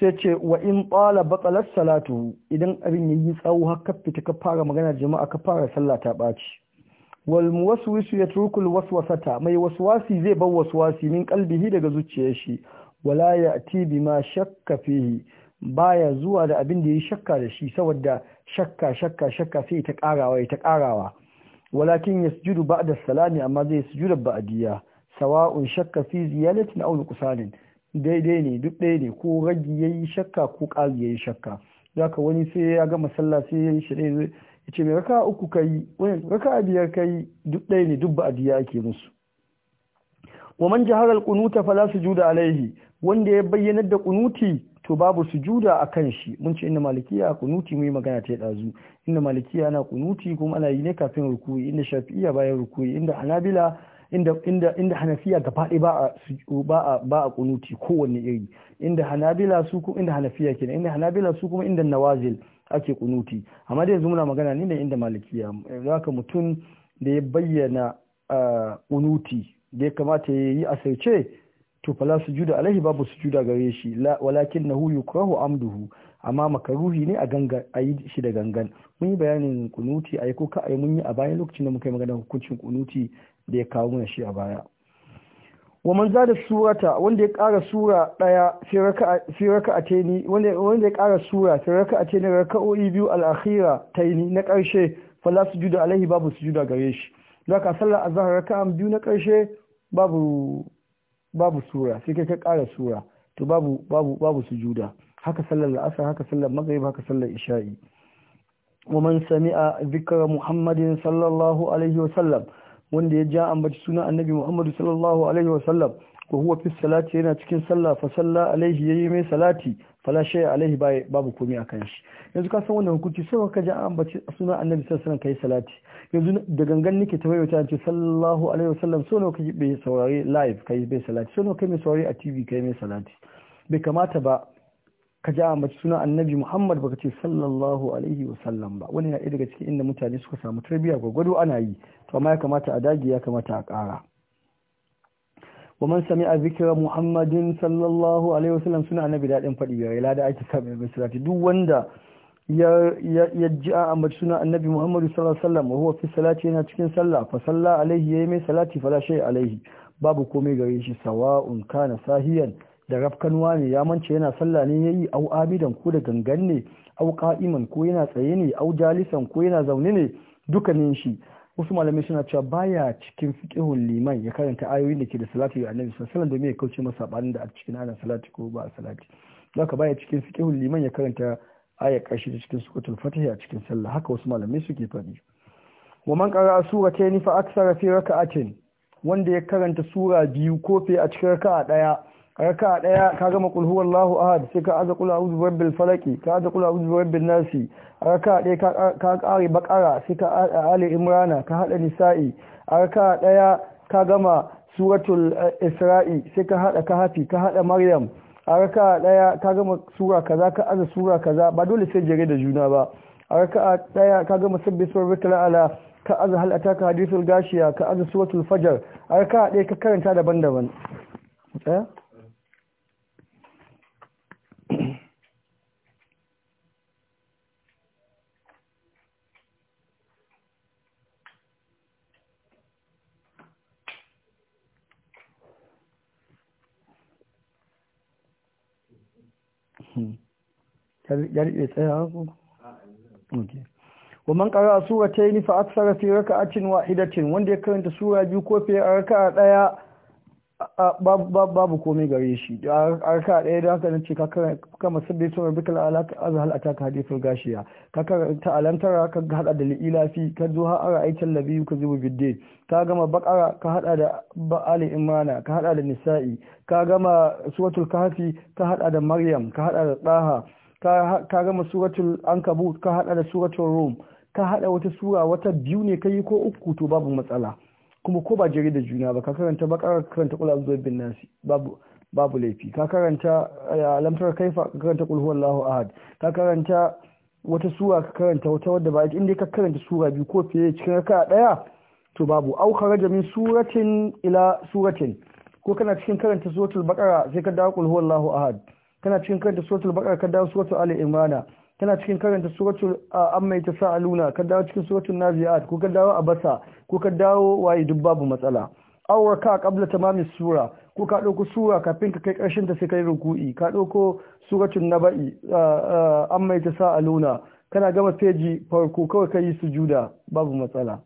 sai ce wa in ɓala baƙalar salatu idan abin ya yi tsawo har ka fita ka fara magana jama'a ka fara sallah ta ɓaci wal muwaswisu wasu waswasata mai waswasi zai bar waswasi min ƙalbihi daga zuciyar shi wala bi ma shakka fihi baya zuwa da abin da ya shakka da shi saboda shakka shakka shakka sai ta karawa ya ta karawa walakin yasjudu ba'da salami amma zai sujuda ba'diya sawa'un shakka fi ziyalatin aw nuqsanin daidai ne duk ɗaya ne ko ragi yayi shakka ko ƙari yayi shakka zaka wani sai ya gama sallah sai yayi shi ne yace me raka uku kai wani raka biyar kai duk ɗaya ne duk ba'diya ake musu wa man jahara al-qunuta fala sujuda alayhi? wanda ya bayyana da kunuti to babu sujuda a kan shi mun ce inda malikiya kunuti mai magana ta dazu inda malikiya na kunuti kuma ana yi ne kafin rukuyi inda shafi'iya bayan rukuyi inda anabila inda inda inda hanafiya gaba ba a ba a ba a kunuti kowanne iri inda hanabila su kuma inda hanafiya kenan inda hanabila su kuma inda nawazil ake kunuti amma dai yanzu muna magana ne da inda malikiya zaka mutum da ya bayyana ah, kunuti da ya kamata ya yi asirce to fala sujuda alaihi babu sujuda gare shi walakin nahu yukrahu amduhu amma makaruhi ne a ganga ayi shi da gangan mun yi bayanin kunuti a yi ko ka a mun yi a bayan lokacin da muka yi magana hukuncin kunuti da ya kawo mana shi a baya wa man zada surata wanda ya kara sura daya fi raka'a taini wanda ya kara sura fi raka'a taini raka'o'i biyu al-akhira taini na karshe fala sujuda alaihi babu sujuda gare shi zaka sallar azhar raka'an biyu na karshe babu babu sura sai kai ka ƙara sura to babu babu babu sujuda haka sallar la'asa haka sallar maghrib haka sallar isha'i wa man sami'a dhikra muhammadin sallallahu alaihi wa sallam wanda ya ja ambaci sunan annabi muhammadu sallallahu alaihi wa sallam ko huwa fi salati yana cikin sallah fa salla alaihi yayi mai salati fala shay alaihi babu komai akan shi yanzu ka san wannan hukunci sai ka ji an ambaci sunan annabi sallallahu alaihi wasallam kai salati yanzu da gangan nake ta bayyana ce sallallahu alaihi wasallam so ne kai bai saurari live kai bai salati so ne kai mai saurari a TV kai mai salati bai kamata ba ka ji ambaci sunan annabi Muhammad baka ce sallallahu alaihi wasallam ba wani na daga cikin inda mutane suka samu tarbiyya gwagwado ana yi to amma ya kamata a dage ya kamata a ƙara wa man sami a zikira muhammadin sallallahu alaihi wasallam suna annabi daɗin faɗi ya lada ake sami mai sirati duk wanda ya ji a ambaci suna annabi muhammadu sallallahu alaihi wasallam wa huwa fi salati yana cikin sallah fa salla alaihi yi mai salati fala shay alaihi babu komai gare shi sawa'un kana sahiyan da rafkanwa ne ya mance yana sallah ne yayi au abidan ko da gangan ne au qa'iman ko yana tsaye ne au jalisan ko yana zaune ne dukkanin shi wasu malamai suna cewa baya cikin fiqihun liman ya karanta ayoyin da ke da salati ga annabi sallallahu alaihi domin ya kauce masa sabanin da a cikin ana salati ko ba salati haka baya cikin fiqihun liman ya karanta aya kashi da cikin suratul fatiha a cikin sallah haka wasu malamai suke faɗi wa man qara suratayn fa aksara fi raka'atin wanda ya karanta sura biyu ko fi a cikin raka'a ɗaya. raka daya ka gama kul huwallahu ahad sai ka aza kul a'udhu birabbil falaki ka aza kul a'udhu birabbin nasi raka daya ka kare bakara sai ka ali imrana ka hada nisa'i raka daya ka gama suratul eh, isra'i sai ka hada kahfi ka hada maryam raka daya ka gama sura kaza ka aza sura kaza ba dole sai jere da juna ba raka daya ka gama sabbi suratul ala ka aza hal ataka hadithul gashiya ka aza suratul fajr raka daya ka karanta daban-daban eh? ya hmm. riɗe tsaya ko sura ta yi nufa a tsara fi raka'acin wa'idatin wanda ya karanta sura biyu ko fiye a raka'a ɗaya babu komai gare shi a ka ɗaya da haka nace ka kama sabbi sun rabbika alaka azhal ataka hadithul gashiya ka karanta alantara ka hada da li’ilafi ka zo har ara aitan labiyu ka zubu bidde ka gama baƙara ka hada da ali imana ka hada da nisa'i ka gama suratul kahfi ka hada da maryam ka hada da tsaha ka gama suratul ankabut ka hada da suratul rum ka hada wata sura wata biyu ne kai ko uku to babu matsala kuma ko ba jere da juna ba ka karanta ba ka karanta kula azuwa bin nasi babu babu laifi ka karanta alamtar kaifa ka karanta kul huwallahu ahad ka karanta wata sura ka karanta wata wadda ba in dai ka karanta sura biyu ko fiye cikin raka daya to babu au kharaja min suratin ila suratin ko kana cikin karanta suratul baqara sai ka dawo kul huwallahu ahad kana cikin karanta suratul baqara ka dawo suratul ali imrana kana cikin karanta suratul amma sa aluna ka dawo cikin suratul naziat ko ka dawo a basa ko ka dawo waye duk babu matsala awar ka qabla tamami sura ko ka dauko sura kafin ka kai karshen ta sai kai ruku'i ka dauko suratul naba'i amma sa aluna kana gama feji farko kawai kai sujuda babu matsala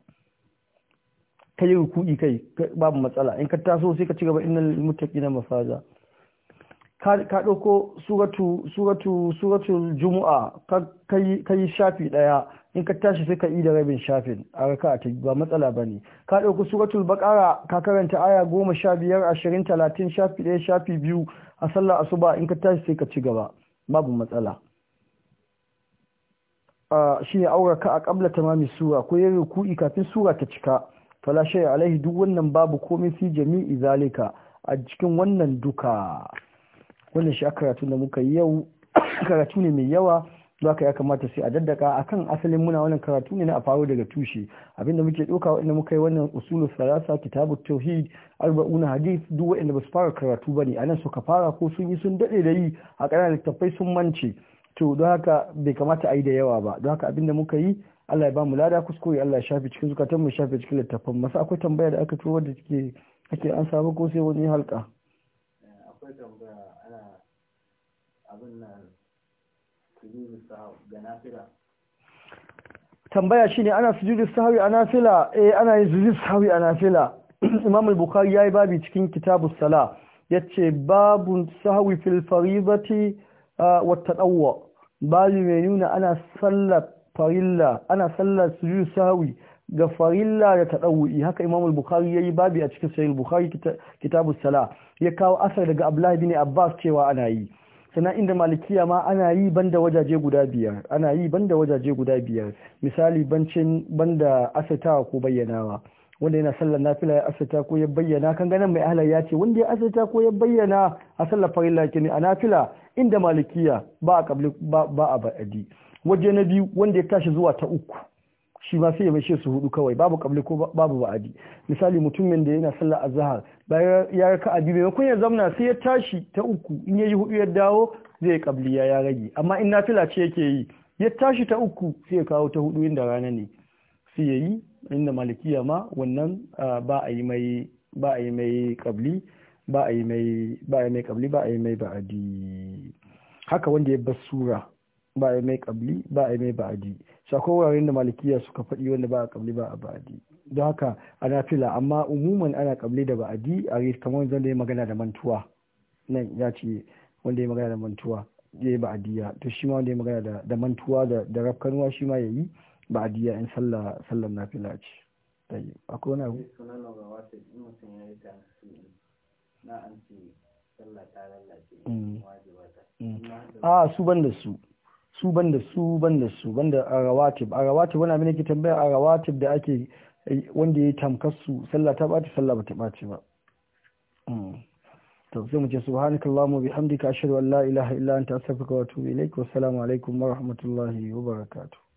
kai ruku'i kai babu matsala in ka taso sai ka ci gaba innal muttaqina mafaza ka ɗauko suratul juma'a ka yi shafi ɗaya in ka tashi sai ka yi da rabin shafin a raka ta ba matsala ba ne ka ɗauko suratul bakara ka karanta aya goma sha biyar ashirin talatin shafi ɗaya shafi biyu a sallar asuba in ka tashi sai ka ci gaba babu matsala shi ne auraka a ƙabla tamami sura ko yin ruku'i kafin sura ta cika fala alaihi duk wannan babu komai fi jami'i zalika a cikin wannan duka wannan shi karatu da muka yi yau karatu ne mai yawa ka ya kamata sai a daddaka akan asalin muna wannan karatu ne na a faru daga tushe abinda muke doka wanda muka yi wannan usulu salasa kitabu tauhid arba'una hadith duk wanda ba su fara karatu bane anan suka fara ko sun yi sun daɗe da yi a ƙananan littattafai sun mance to don haka bai kamata a yi da yawa ba don haka abinda muka yi Allah ya ba mu lada kuskure Allah ya shafe cikin zukatan mu shafe cikin littattafan masu akwai tambaya da aka turo da take ake an samu ko sai wani halka eh, abin nan sujudu sahwi ga nafila tambaya shine ana sujudu sahwi a nafila eh ana yin sujudu sahwi a nafila imam al-bukhari yayi babi cikin kitabus sala yace babun sahwi fil faridati wa tadawwu babu mai nuna ana sallar farilla ana sallar sujudu sahwi ga farilla da tadawwi haka imam al-bukhari yayi babi a cikin sahih al-bukhari kitabus sala ya kawo asar daga abdullah ibn abbas cewa ana yi sannan inda malikiya ma ana yi banda wajaje guda biyar ana yi banda wajaje guda biyar misali bancin banda ko bayyanawa wanda yana sallar nafila ya asaita ko ya bayyana kan ganin mai ahlar ya ce wanda ya asaita ko ya bayyana a sallar farilla ke ne a nafila inda malikiya ba a ba a ba'adi waje na biyu wanda ya tashi zuwa ta uku shi ma sai ya bashe su hudu kawai babu kabli ko babu ba'adi misali mutumin da yana sallar azhar bayan ya raka abi kun ya zamna sai ya tashi ta uku in yayi hudu ya dawo zai kabli ya rage amma in nafila ce yake yi ya tashi ta uku sai ya kawo ta hudu inda rana ne sai yayi yi inda malikiya ma wannan ba a yi mai ba a yi mai kabli ba a yi mai ba a yi mai kabli ba a yi mai ba'adi haka wanda ya bar sura ba a yi mai kabli ba a yi mai ba'adi sako wuraren da malikiya suka faɗi wanda ba a kabli ba a ba'adi don haka ana fila amma umuman ana kabli da ba'adi a rai kamar wanda ya magana da mantuwa nan ya ce wanda ya magana da mantuwa ya yi ba'adiya to shi ma wanda ya magana da mantuwa da rafkanuwa shi ma ya yi ba'adiya in sallah sallar fila ce tayi akwai wani abu a mm. mm. ah, su ban da su su ban da su ban da su ban da arawatib arawatib wani abin da ke tambaya arawatib da ake wanda ya tamkar su sallah ta ɓaci sallah ba ta ɓaci ba hmm. to sai mu ce subhanakallahumma bihamdika ashhadu an la ilaha illa anta astaghfiruka wa atubu ilaik wa assalamu alaikum wa rahmatullahi wa barakatuh